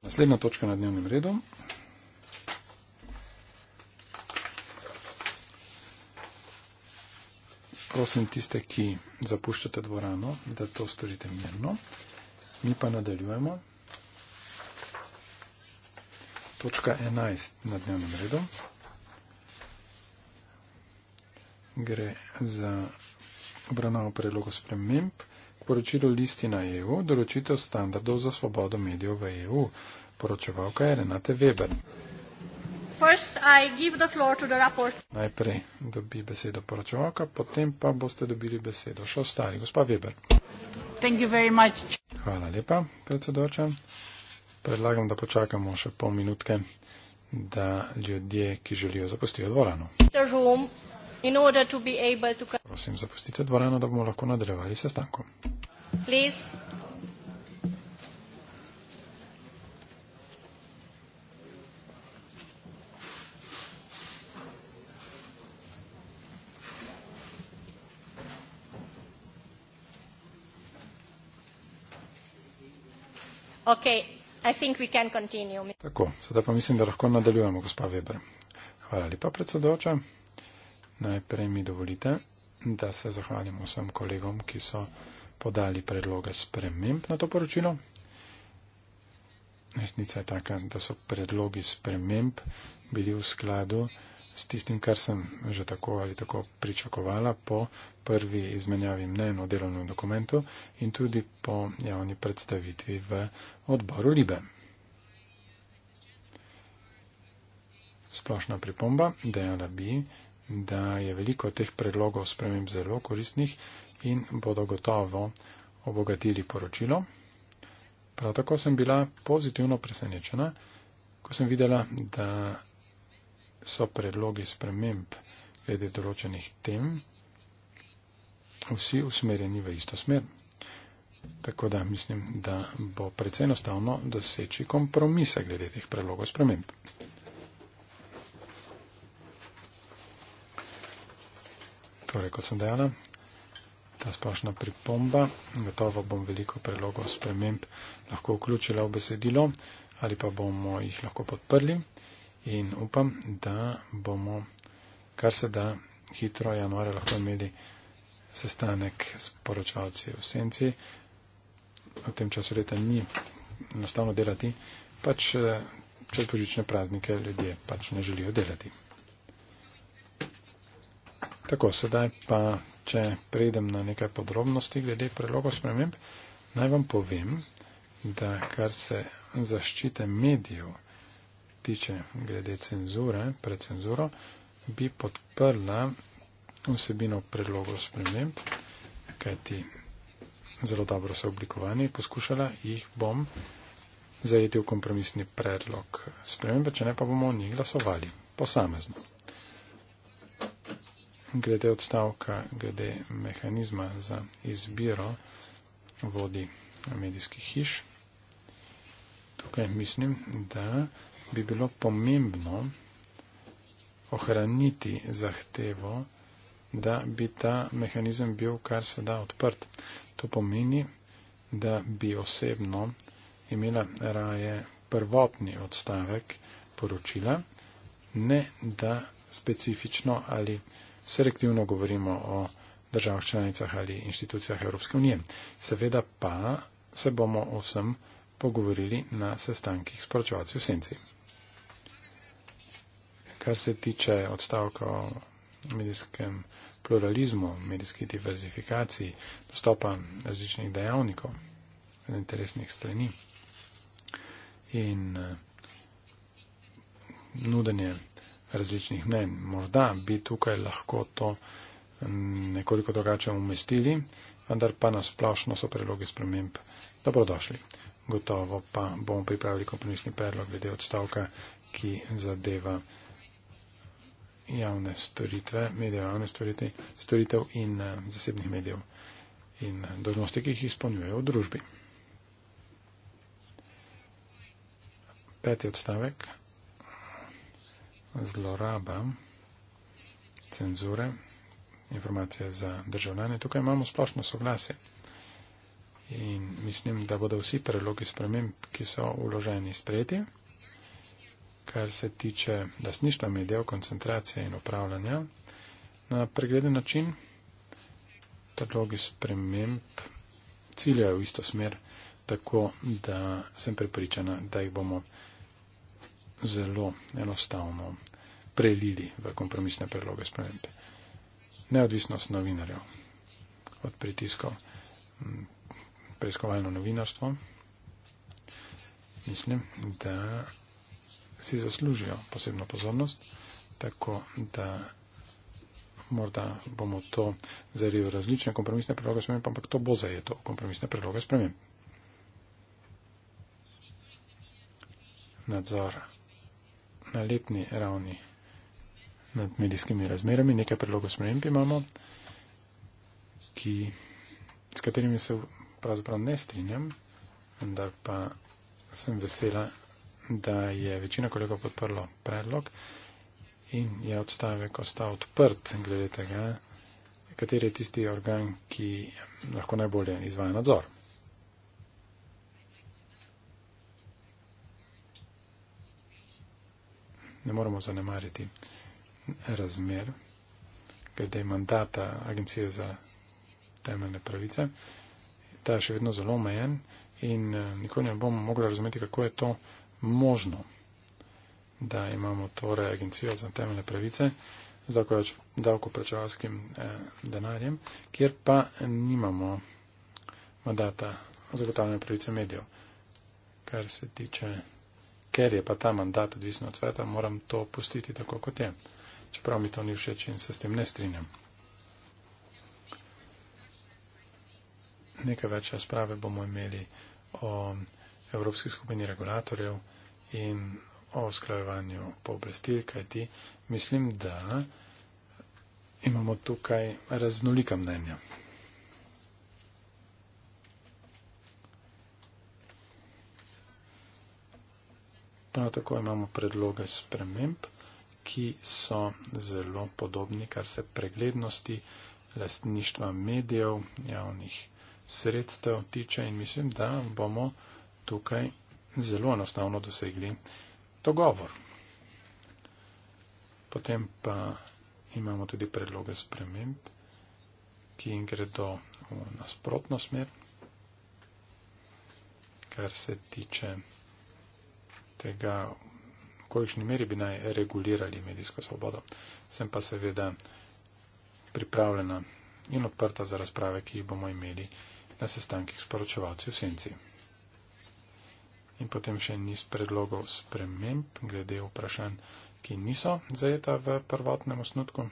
Speaker 3: Naslednja točka na dnevnem redu. Prosim tiste, ki zapuščate dvorano, da to storite mirno. Mi pa nadaljujemo. Točka 11 na dnevnem redu gre za obravnavo predlogo sprememb k poročilu listi na EU, določitev standardov za svobodo medijev v EU. Poročevalka je Renate Weber.
Speaker 1: First, I give the floor to the
Speaker 3: Najprej dobi besedo poročevalka, potem pa boste dobili besedo še ostali. Gospa Weber. Hvala. Hvala lepa, predsedoča. Predlagam, da počakamo še pol minutke, da ljudje, ki želijo, zapustijo dvorano. Prosim, zapustite dvorano, da bomo lahko nadaljevali sestankom.
Speaker 1: Please. Ok, I think we can continue. Tako,
Speaker 3: sedaj pa mislim, da lahko nadaljujemo, gospa Weber. Hvala lepa, predsedoča. Najprej mi dovolite, da se zahvalim vsem kolegom, ki so podali predloge sprememb na to poročilo. Resnica je taka, da so predlogi sprememb bili v skladu s tistim, kar sem že tako ali tako pričakovala po prvi izmenjavi mnen o delovnem dokumentu in tudi po javni predstavitvi v odboru Libe. Splošna pripomba dejala bi, da je veliko teh predlogov sprememb zelo koristnih in bodo gotovo obogatili poročilo. Prav tako sem bila pozitivno presenečena, ko sem videla, da so predlogi sprememb glede določenih tem, vsi usmerjeni v isto smer. Tako da mislim, da bo predvsej enostavno doseči kompromise glede teh predlogov sprememb. Torej, kot sem dejala, ta splošna pripomba, gotovo bom veliko predlogov sprememb lahko vključila v besedilo ali pa bomo jih lahko podprli in upam, da bomo kar se da hitro januarja lahko imeli sestanek s poročavci v senci. V tem času leta ni enostavno delati, pač eh, čez božične praznike ljudje pač ne želijo delati. Tako, sedaj pa, če prejdem na nekaj podrobnosti glede prelogov sprememb, naj vam povem, da kar se zaščite medijev, tiče glede cenzure, predcenzuro, bi podprla vsebino predlogov sprememb, kajti zelo dobro so oblikovani, poskušala jih bom zajeti v kompromisni predlog spremembe, če ne pa bomo o njih glasovali posamezno. Glede odstavka, glede mehanizma za izbiro vodi medijskih hiš. Tukaj mislim, da bi bilo pomembno ohraniti zahtevo, da bi ta mehanizem bil kar se da odprt. To pomeni, da bi osebno imela raje prvotni odstavek poročila, ne da specifično ali selektivno govorimo o državah članicah ali inštitucijah Evropske unije. Seveda pa se bomo o vsem pogovorili na sestankih s poročevalci v Senci kar se tiče odstavka o medijskem pluralizmu, medijski diverzifikaciji, dostopa različnih dejavnikov in interesnih strani in eh, nudenje različnih mnen. Morda bi tukaj lahko to mm, nekoliko drugače umestili, vendar pa nasplošno so predlogi sprememb dobrodošli. Gotovo pa bomo pripravili kompromisni predlog glede odstavka, ki zadeva javne storitve, medijev javne storitve, storitev in eh, zasebnih medijev in eh, dožnosti, ki jih izpolnjujejo v družbi. Peti odstavek. Zloraba cenzure, informacije za državljane. Tukaj imamo splošno soglasje. In mislim, da bodo vsi predlogi sprememb, ki so uloženi, sprejeti kar se tiče lasništva medijev, koncentracije in upravljanja na pregleden način. Predlogi sprememb ciljajo v isto smer, tako da sem prepričana, da jih bomo zelo enostavno prelili v kompromisne predloge sprememb. Neodvisnost novinarjev od pritiskov mm, preiskovalno novinarstvo. Mislim, da si zaslužijo posebno pozornost, tako da morda bomo to zarili v različne kompromisne predloge sprememb, ampak to bo zajeto v kompromisne predloge sprememb. Nadzor na letni ravni nad medijskimi razmerami, nekaj predlogov sprememb imamo, ki, s katerimi se pravzaprav ne strinjam, vendar pa sem vesela, da je večina kolegov podprlo predlog in je odstavek ostal odprt glede tega, kateri je tisti organ, ki lahko najbolje izvaja nadzor. Ne moramo zanemariti razmer glede mandata Agencije za temeljne pravice. Ta je še vedno zelo omejen in eh, nikoli ne bomo mogli razumeti, kako je to možno, da imamo torej agencijo za temeljne pravice z davkoprečevalskim eh, denarjem, kjer pa nimamo mandata zagotavljanja pravice medijev. Kar se tiče, ker je pa ta mandat odvisen od sveta, moram to pustiti tako, kot je. Čeprav mi to ni všeč in se s tem ne strinjam. Nekaj več razprave bomo imeli o Evropski skupini regulatorjev in o sklajevanju pooblastil, kajti mislim, da imamo tukaj raznolika mnenja. Prav tako imamo predloge sprememb, ki so zelo podobni, kar se preglednosti lastništva medijev, javnih sredstev tiče in mislim, da bomo tukaj zelo enostavno dosegli dogovor. Potem pa imamo tudi predloge sprememb, ki jim gredo v nasprotno smer, kar se tiče tega, v kolikšni meri bi naj regulirali medijsko svobodo. Sem pa seveda pripravljena in odprta za razprave, ki jih bomo imeli na sestankih s poročevalci v Senci in potem še niz predlogov sprememb glede vprašanj, ki niso zajeta v prvotnem osnutku.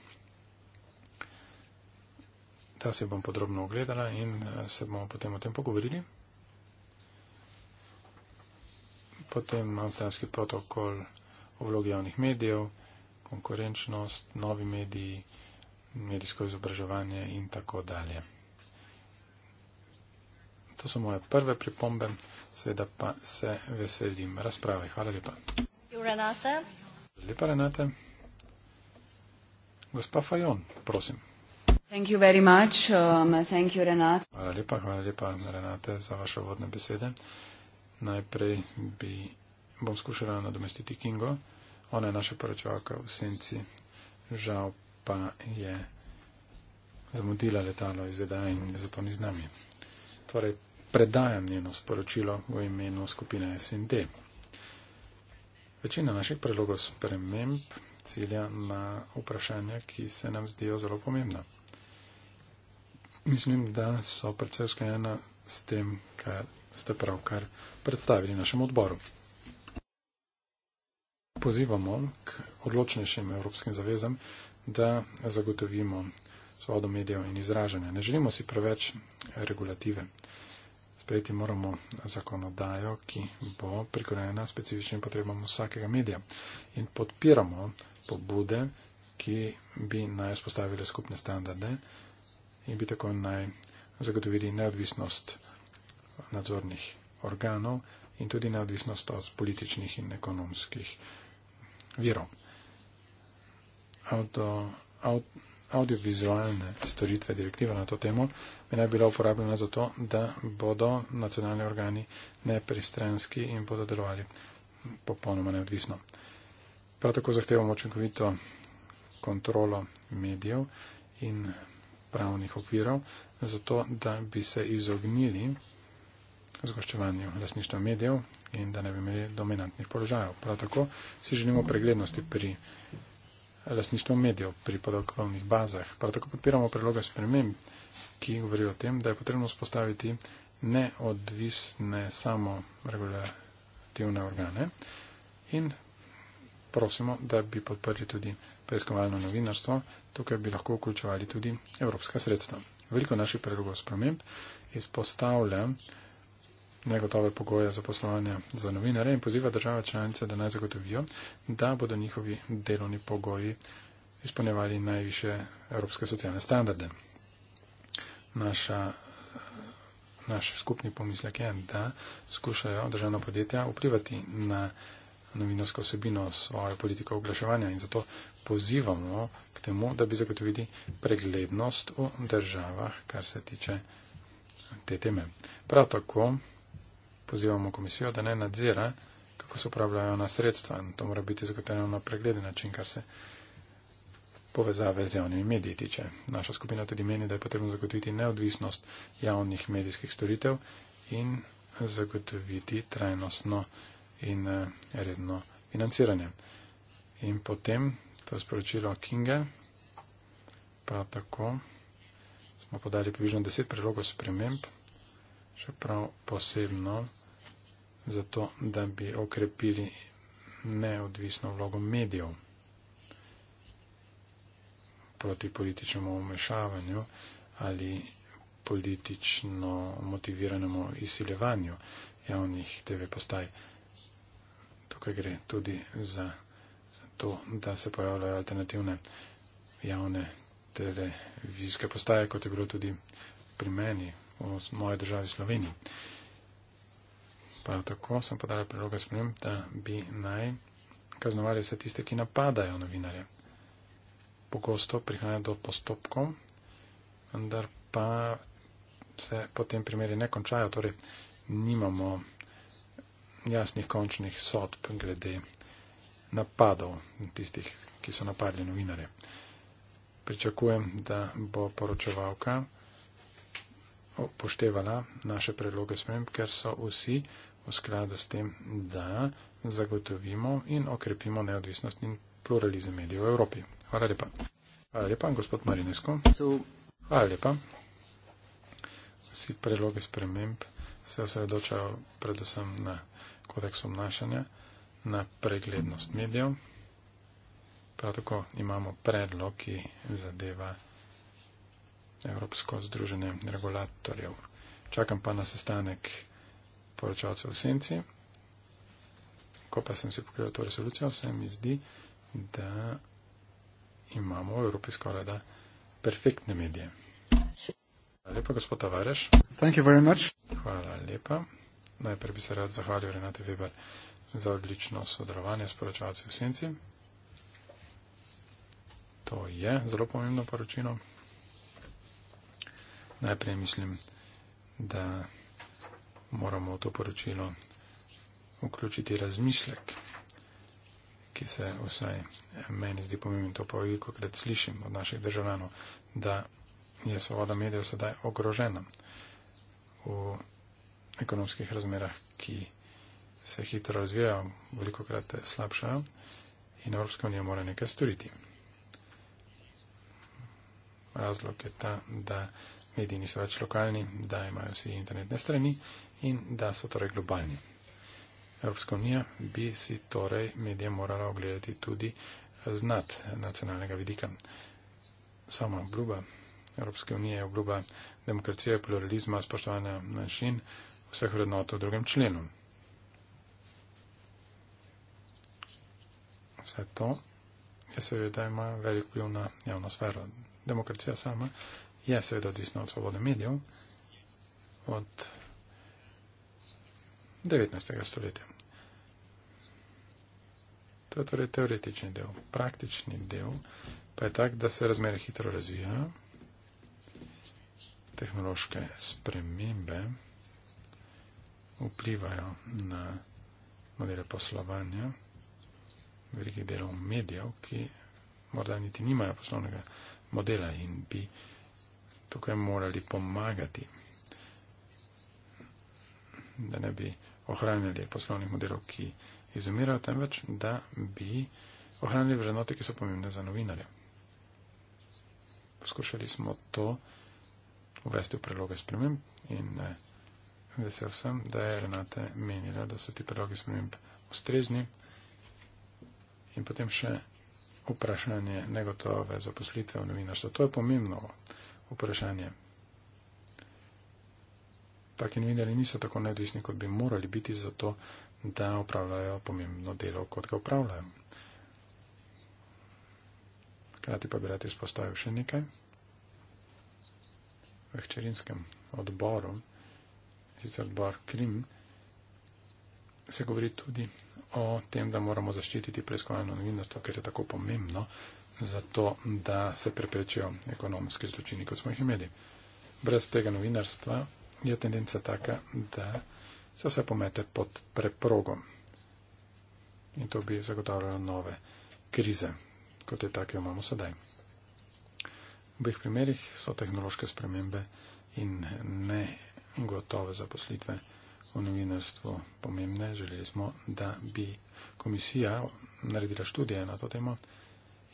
Speaker 3: Ta se bom podrobno ogledala in eh, se bomo potem o tem pogovorili. Potem amsterdamski protokol o vlogi javnih medijev, konkurenčnost, novi mediji, medijsko izobraževanje in tako dalje. To so moje prve pripombe, seveda pa se veselim razprave. Hvala lepa.
Speaker 1: Renate.
Speaker 3: Lepa Renate. Gospa Fajon, prosim.
Speaker 1: Thank you very much. Um, thank you, Renate.
Speaker 3: Hvala lepa, hvala lepa, Renate, za vaše vodne besede. Najprej bi, bom skušala nadomestiti Kingo. Ona je naša poročevalka v senci. Žal pa je zamudila letalo iz ZDA in zato ni z nami. Torej, predajam njeno sporočilo v imenu skupine SND. Večina naših predlogov sprememb cilja na vprašanja, ki se nam zdijo zelo pomembna. Mislim, da so predvsej usklajena s tem, kar ste pravkar predstavili našem odboru. Pozivamo k odločnejšim evropskim zavezam, da zagotovimo svobodo medijev in izražanja. Ne želimo si preveč regulative sprejeti moramo zakonodajo, ki bo prikrojena specifičnim potrebam vsakega medija in podpiramo pobude, ki bi naj spostavili skupne standarde in bi tako naj zagotovili neodvisnost nadzornih organov in tudi neodvisnost od političnih in ekonomskih virov. Audio, audiovizualne storitve direktiva na to temo bi naj bila uporabljena za to, da bodo nacionalni organi nepristranski in bodo delovali popolnoma neodvisno. Prav tako zahtevamo očinkovito kontrolo medijev in pravnih okvirov, zato da bi se izognili zgoščevanju lasništva medijev in da ne bi imeli dominantnih položajev. Prav tako si želimo preglednosti pri lasništvo medijev pri podatkovnih bazah. Prav tako podpiramo predloge sprememb, ki govorijo o tem, da je potrebno spostaviti neodvisne samo regulativne organe in prosimo, da bi podprli tudi preiskovalno novinarstvo, tukaj bi lahko vključevali tudi evropska sredstva. Veliko naših predlogov sprememb izpostavlja negotove pogoje za poslovanje za novinare in poziva države članice, da naj zagotovijo, da bodo njihovi delovni pogoji izpolnjevali najviše evropske socialne standarde. Naša, naš skupni pomislek je, da skušajo državna podjetja vplivati na novinarsko osebino svoje politike oglaševanja in zato pozivamo k temu, da bi zagotovili preglednost v državah, kar se tiče te teme. Prav tako pozivamo komisijo, da ne nadzira, kako se upravljajo na sredstva in to mora biti zagotovljeno na pregleden način, kar se povezave z javnimi mediji tiče. Naša skupina tudi meni, da je potrebno zagotoviti neodvisnost javnih medijskih storitev in zagotoviti trajnostno in eh, redno financiranje. In potem to je sporočilo Kinge, prav tako smo podali približno deset predlogov sprememb še prav posebno, zato da bi okrepili neodvisno vlogo medijev proti političnemu omešavanju ali politično motiviranemu izsilevanju javnih TV postaj. Tukaj gre tudi za to, da se pojavljajo alternativne javne televizijske postaje, kot je bilo tudi pri meni v moji državi Sloveniji. Prav tako sem podala predloga sprem, da bi naj kaznovali vse tiste, ki napadajo novinarje. Pogosto prihaja do postopkov, vendar pa se potem primeri ne končajo, torej nimamo jasnih končnih sodb glede napadov tistih, ki so napadli novinarje. Pričakujem, da bo poročevalka upoštevala naše predloge smem, ker so vsi v skladu s tem, da zagotovimo in okrepimo neodvisnost in pluralizem medijev v Evropi. Hvala lepa. Hvala lepa, gospod Marinesko. Hvala lepa. Vsi predloge sprememb se osredočajo predvsem na kodeks obnašanja, na preglednost medijev. Prav tako imamo predlog, ki zadeva. Evropsko združenje regulatorjev. Čakam pa na sestanek poročalcev v Senci. Ko pa sem si pokril to resolucijo, se mi zdi, da imamo v Evropi skoraj da perfektne medije. Hvala lepa, gospod Tavares. Hvala lepa. Najprej bi se rad zahvalil Renate Weber za odlično sodelovanje s poročalci v Senci. To je zelo pomembno poročilo. Najprej mislim, da moramo v to poročilo vključiti razmislek, ki se vsaj meni zdi pomemben, to pa veliko krat slišim od naših državljanov, da je svoboda medijev sedaj ogrožena v ekonomskih razmerah, ki se hitro razvijajo, veliko krat slabšajo in Evropska unija mora nekaj storiti. Razlog je ta, da mediji niso več lokalni, da imajo vsi internetne strani in da so torej globalni. Evropska unija bi si torej medije morala ogledati tudi znat nacionalnega vidika. Sama obljuba Evropske unije je obljuba demokracije, pluralizma, spoštovanja manjšin, vseh vrednot v drugem členu. Vse to je seveda ima velik vpliv na javno sfero. Demokracija sama je seveda odvisno od svobode medijev od 19. stoletja. To je torej teoretični del. Praktični del pa je tak, da se razmere hitro razvijajo, tehnološke spremembe vplivajo na modele poslovanja velikih delov medijev, ki morda niti nimajo poslovnega modela in bi tukaj morali pomagati, da ne bi ohranili poslovnih modelov, ki izumirajo, temveč da bi ohranili vrednote, ki so pomembne za novinarje. Poskušali smo to uvesti v predloge sprememb in eh, vesel sem, da je Renate menila, da so ti predlogi sprememb ustrezni. In potem še vprašanje negotove zaposlitve v novinarstvu. To je pomembno vprašanje. Taki novinari niso tako neodvisni, kot bi morali biti zato, da upravljajo pomembno delo, kot ga upravljajo. Hkrati pa bi rad izpostavil še nekaj. V hčerinskem odboru, sicer odbor Krim, se govori tudi o tem, da moramo zaščititi preiskovalno novinarstvo, ker je tako pomembno, za to, da se preprečijo ekonomski zločini, kot smo jih imeli. Brez tega novinarstva je tendenca taka, da se vse pomete pod preprogom. In to bi zagotavljalo nove krize, kot je tako imamo sedaj. V obih primerjih so tehnološke spremembe in ne gotove zaposlitve v novinarstvu pomembne. Želeli smo, da bi komisija naredila študije na to temo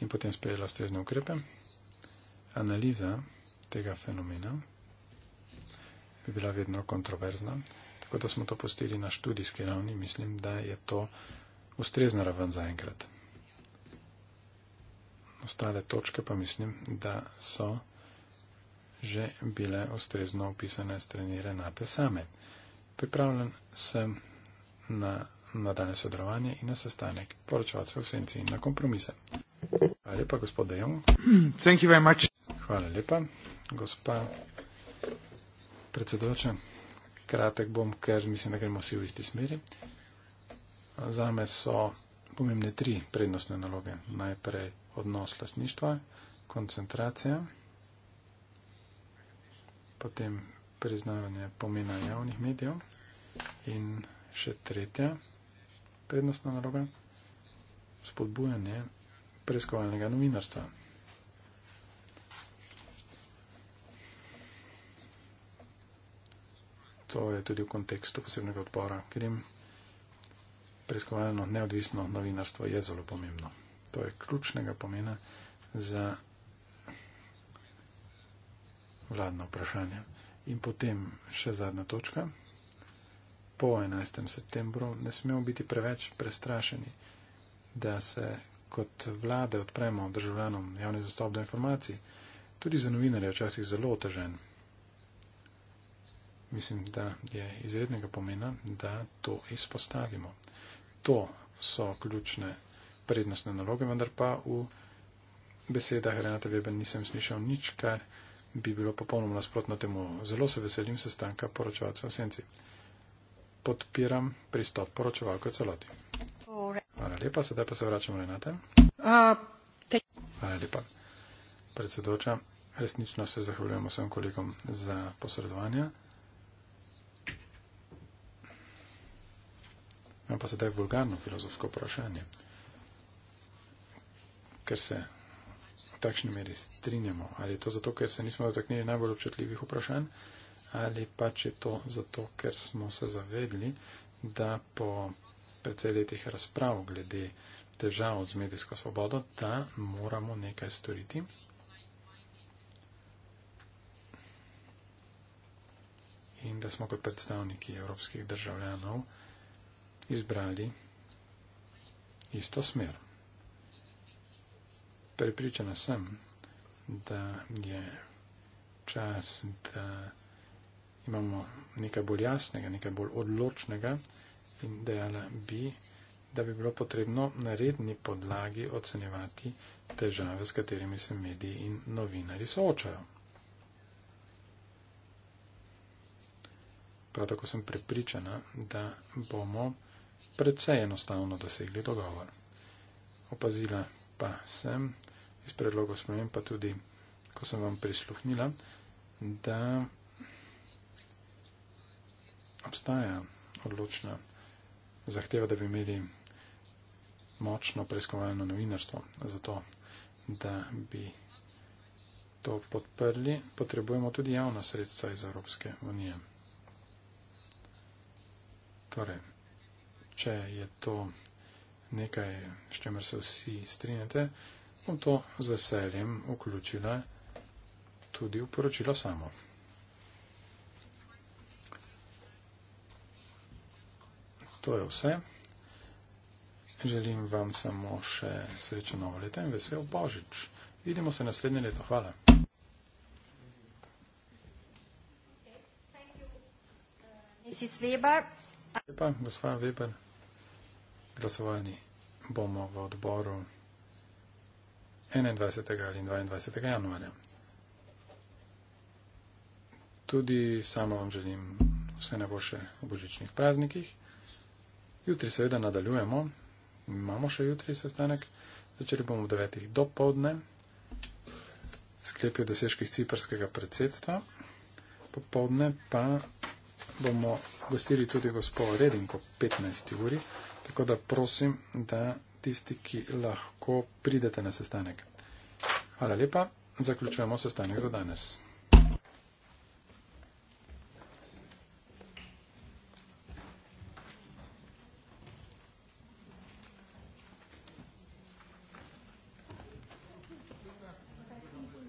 Speaker 3: in potem sprejela strezne ukrepe. Analiza tega fenomena bi bila vedno kontroverzna, tako da smo to postili na študijski ravni. Mislim, da je to ustrezna raven zaenkrat. Ostale točke pa mislim, da so že bile ustrezno opisane strani Renate same. Pripravljen sem na nadaljne sodelovanje in na sestanek poročevalcev v senci in na kompromise. Thank you. Hvala lepa, gospod Dejom. Thank you very much. Hvala lepa, gospa predsedoča. Kratek bom, ker mislim, da gremo vsi v isti smeri. Za me so pomembne tri prednostne naloge. Najprej odnos lasništva, koncentracija, potem priznavanje pomena javnih medijev in še tretja prednostna naloga, spodbujanje preiskovalnega novinarstva. To je tudi v kontekstu posebnega odpora, ker jim preiskovalno neodvisno novinarstvo je zelo pomembno. To je ključnega pomena za vladno vprašanje. In potem še zadnja točka. Po 11. septembru ne smemo biti preveč prestrašeni, da se kot vlade odpremo državljanom javni zastop do informacij, tudi za novinarje včasih zelo otežen. Mislim, da je izrednega pomena, da to izpostavimo. To so ključne prednostne naloge, vendar pa v besedah Renata Weber nisem slišal nič, kar bi bilo popolnoma nasprotno temu. Zelo se veselim sestanka poročevalcev v senci. Podpiram pristop poročevalcev celoti lepa, sedaj pa se vračamo na te. Hvala lepa. Predsedoča, resnično se zahvaljujemo vsem kolegom za posredovanje. Imam pa sedaj vulgarno filozofsko vprašanje, ker se v takšni meri strinjamo. Ali je to zato, ker se nismo dotaknili najbolj občutljivih vprašanj, ali pač je to zato, ker smo se zavedli, da po precej letih razprav glede težav z medijsko svobodo, da moramo nekaj storiti. In da smo kot predstavniki evropskih državljanov izbrali isto smer. Pripričana sem, da je čas, da imamo nekaj bolj jasnega, nekaj bolj odločnega in dejala bi, da bi bilo potrebno na redni podlagi ocenjevati težave, s katerimi se mediji in novinari soočajo. Prav tako sem prepričana, da bomo predvsej enostavno dosegli dogovor. Opazila pa sem iz predlogov spremem, pa tudi, ko sem vam prisluhnila, da obstaja odločna zahteva, da bi imeli močno preiskovalno novinarstvo. Zato, da bi to podprli, potrebujemo tudi javna sredstva iz Evropske unije. Torej, če je to nekaj, s čemer se vsi strinjate, bom to z veseljem vključila tudi v poročilo samo. to je vse. Želim vam samo še srečno novo leto in vesel Božič. Vidimo se naslednje leto. Hvala. Lepa, gospod Weber, glasovanje bomo v odboru 21. ali 22. januarja. Tudi sama vam želim vse najboljše v božičnih praznikih. Jutri seveda nadaljujemo, imamo še jutri sestanek, začeli bomo v devetih do povdne, sklepi v dosežkih ciperskega predsedstva, popovdne pa bomo gostili tudi gospod Redinko 15. uri, tako da prosim, da tisti, ki lahko pridete na sestanek. Hvala lepa, zaključujemo sestanek za danes.